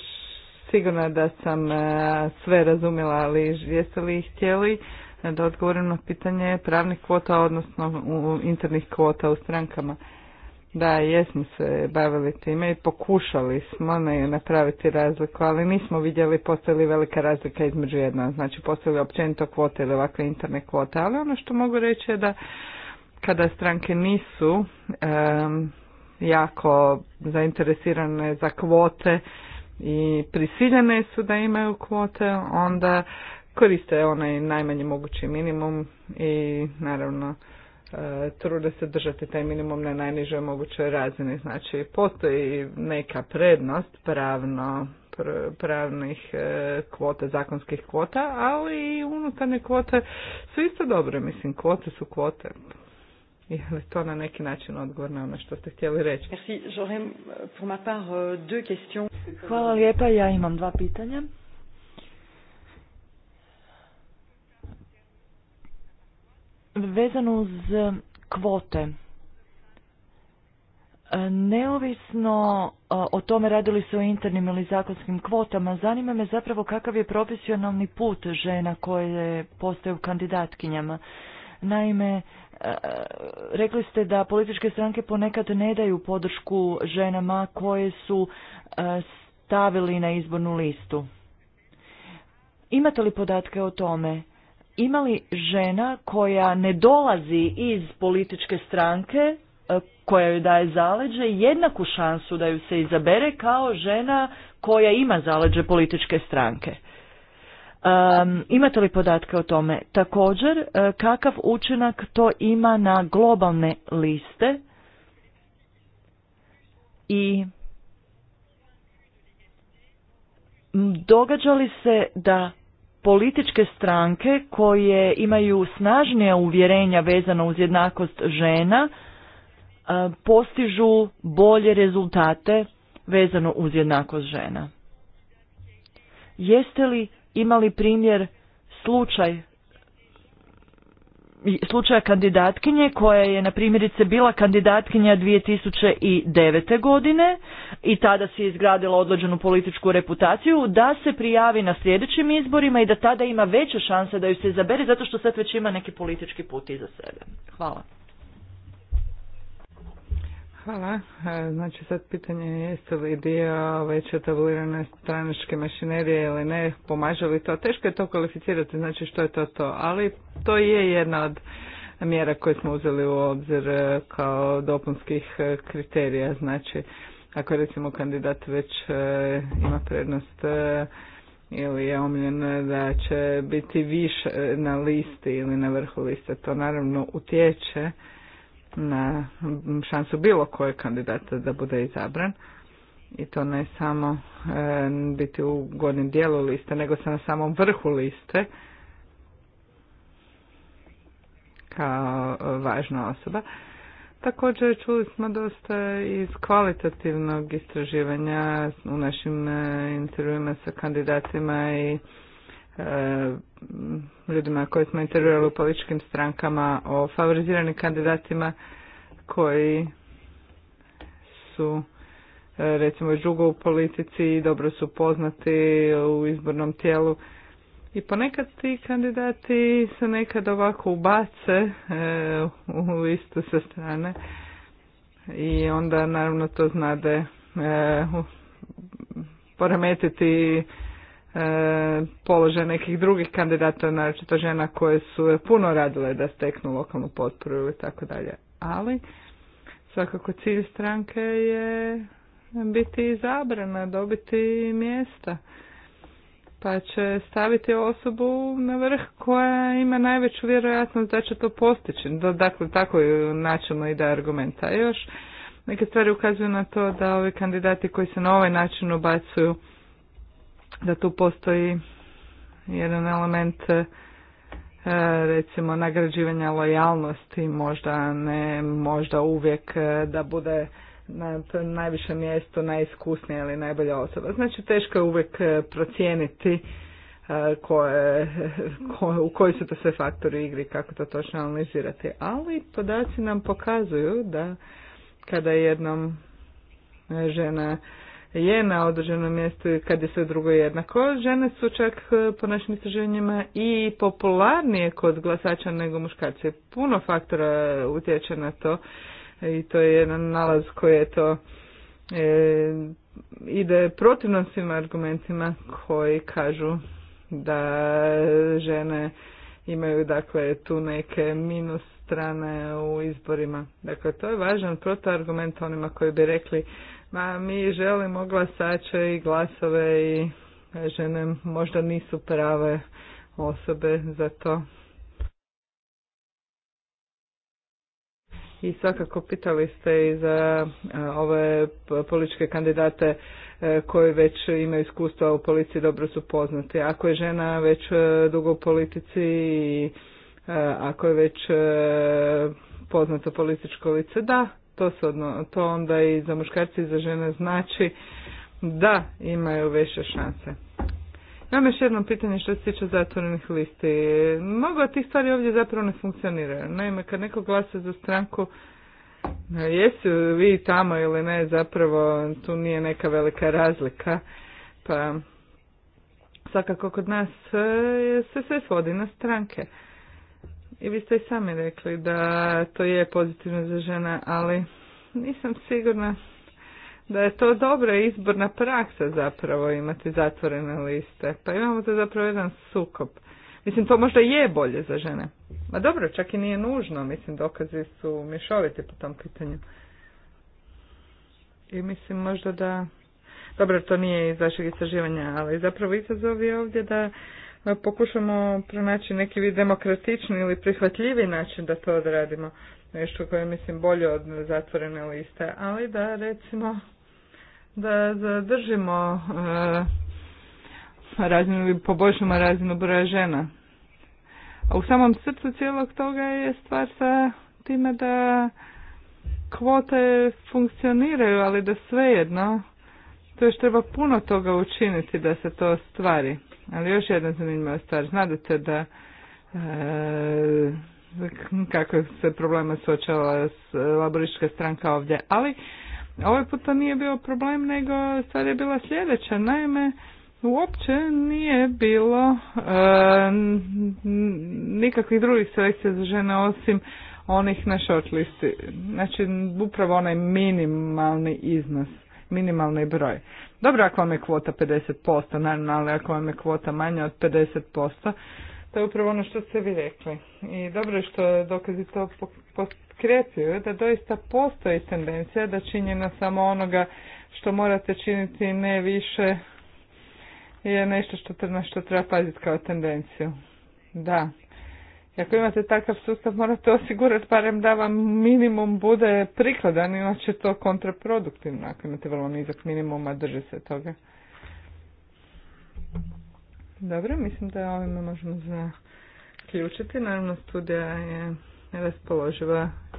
sigurno da sam e, sve razumjela, ali jeste li htjeli e, da odgovorim na pitanje pravnih kvota, odnosno internih kvota u strankama? Da, jesmo se bavili time i pokušali smo napraviti razliku, ali nismo vidjeli postoji li velika razlika između jedna, znači postoje općenito kvote ili ovakve interne kvote, ali ono što mogu reći je da kada stranke nisu jako zainteresirane za kvote, i prisiljene su da imaju kvote, onda koriste onaj najmanji mogući minimum i naravno e, trude se držati taj minimum na najnižoj mogućoj razini. Znači postoji neka prednost pravno pravnih e, kvota, zakonskih kvota, ali i unutarnje kvote su isto dobre. Mislim, kvote su kvote. [laughs] Je to na neki način odgovor na ono što ste htjeli reći? Euh, euh, Hvala lijepa, ja imam dva pitanja. Vezano uz kvote, Neovisno o tome radili se o internim ili zakonskim kvotama, zanima me zapravo kakav je profesionalni put žena koje postaju kandidatkinjama. Naime, Rekli ste da političke stranke ponekad ne daju podršku ženama koje su e, stavili na izbornu listu. Imate li podatke o tome? Ima li žena koja ne dolazi iz političke stranke e, koja joj daje zaleđe jednaku šansu da ju se izabere kao žena koja ima zaleđe političke stranke? Um, imate li podatke o tome? Također, e, kakav učinak to ima na globalne liste i događa li se da političke stranke koje imaju snažnija uvjerenja vezano uz jednakost žena e, postižu bolje rezultate vezano uz jednakost žena. Jeste li imali primjer slučaj slučaja kandidatkinje koja je na primjerice bila kandidatkinja 2009. godine i tada si izgradila odlođenu političku reputaciju da se prijavi na sljedećim izborima i da tada ima veće šanse da ju se izabere zato što sad već ima neki politički put iza sebe. Hvala. Hvala. E, znači sad pitanje je jeste li dio već etablirane stranačke mašinerije ili ne, pomaže li to. Teško je to kvalificirati, znači što je to to, ali to je jedna od mjera koje smo uzeli u obzir e, kao dopunskih e, kriterija. Znači ako recimo kandidat već ima prednost ili je omljen da će biti više na listi ili na vrhu liste, to naravno utječe na šansu bilo kojeg kandidata da bude izabran i to ne samo biti u gornjem dijelu liste, nego se na samom vrhu liste kao važna osoba. Također čuli smo dosta iz kvalitativnog istraživanja u našim intervjuima sa kandidatima i E, ljudima koje smo intervjuali u političkim strankama, o favoriziranim kandidatima koji su e, recimo dugo u politici i dobro su poznati u izbornom tijelu. I ponekad ti kandidati se nekad ovako ubace e, u istu sa strane i onda naravno to znade poremetiti E, položaj nekih drugih kandidata, naročito žena koje su puno radile da steknu lokalnu potporu i tako dalje. Ali svakako cilj stranke je biti izabrana, dobiti mjesta. Pa će staviti osobu na vrh koja ima najveću vjerojatnost da će to postići. Dakle, tako je načelno i da argumenta. Još neke stvari ukazuju na to da ovi kandidati koji se na ovaj način ubacuju da tu postoji jedan element e, recimo nagrađivanja lojalnosti možda ne možda uvijek e, da bude na najvišem mjestu najiskusnija ili najbolja osoba. Znači teško je uvijek e, procijeniti koje, ko u koji su to sve faktori igri, kako to točno analizirati. Ali podaci nam pokazuju da kada jednom žena je na određenom mjestu kad je sve drugo jednako. Žene su čak e, po našim istraživanjima i popularnije kod glasača nego muškarci. Puno faktora utječe na to i to je jedan nalaz koji je to e, ide protivno svim argumentima koji kažu da žene imaju dakle tu neke minus strane u izborima. Dakle, to je važan protuargument onima koji bi rekli Ma mi želimo glasače i glasove i e, žene možda nisu prave osobe za to. I svakako pitali ste i za e, ove političke kandidate e, koji već imaju iskustva u policiji dobro su poznati. Ako je žena već dugo u politici i ako je već poznato političko lice, da, to, to onda i za muškarce i za žene znači da imaju veće šanse. Imam još jedno pitanje što se tiče zatvorenih listi. Mnogo od tih stvari ovdje zapravo ne funkcioniraju. Naime, kad neko glasa za stranku, jesu vi tamo ili ne, zapravo tu nije neka velika razlika. Pa svakako kod nas e, se sve svodi na stranke. I vi ste i sami rekli da to je pozitivno za žene, ali nisam sigurna da je to dobra izborna praksa zapravo imati zatvorene liste. Pa imamo to zapravo jedan sukob. Mislim, to možda je bolje za žene. Ma dobro, čak i nije nužno. Mislim, dokazi su mješoviti po tom pitanju. I mislim možda da... Dobro, to nije iz vašeg istraživanja, ali zapravo izazov je ovdje da E, pokušamo pronaći neki vid demokratični ili prihvatljivi način da to odradimo. Nešto koje mislim, bolje od zatvorene liste, ali da, recimo, da zadržimo e, razinu ili poboljšamo razinu broja žena. A u samom srcu cijelog toga je stvar sa time da kvote funkcioniraju, ali da svejedno, to još treba puno toga učiniti da se to stvari. Ali još jedna zanimljiva stvar. Znate da e, kako se problema s laborička stranka ovdje, ali ovaj put to nije bio problem, nego stvar je bila sljedeća. Naime, uopće nije bilo e, nikakvih drugih selekcija za žene osim onih na shortlisti. Znači, upravo onaj minimalni iznos minimalni broj. Dobro ako vam je kvota 50%, naravno, ali ako vam je kvota manja od 50%, to je upravo ono što ste vi rekli. I dobro je što dokazi to potkrepljuju, da doista postoji tendencija da činjena samo onoga što morate činiti ne više je nešto što, na što treba paziti kao tendenciju. Da, ako imate takav sustav morate osigurati barem da vam minimum bude prikladan, inače to kontraproduktivno. Ako imate vrlo nizak minimuma, drži se toga. Dobro, mislim da ovime možemo zaključiti. Naravno, studija je raspoloživa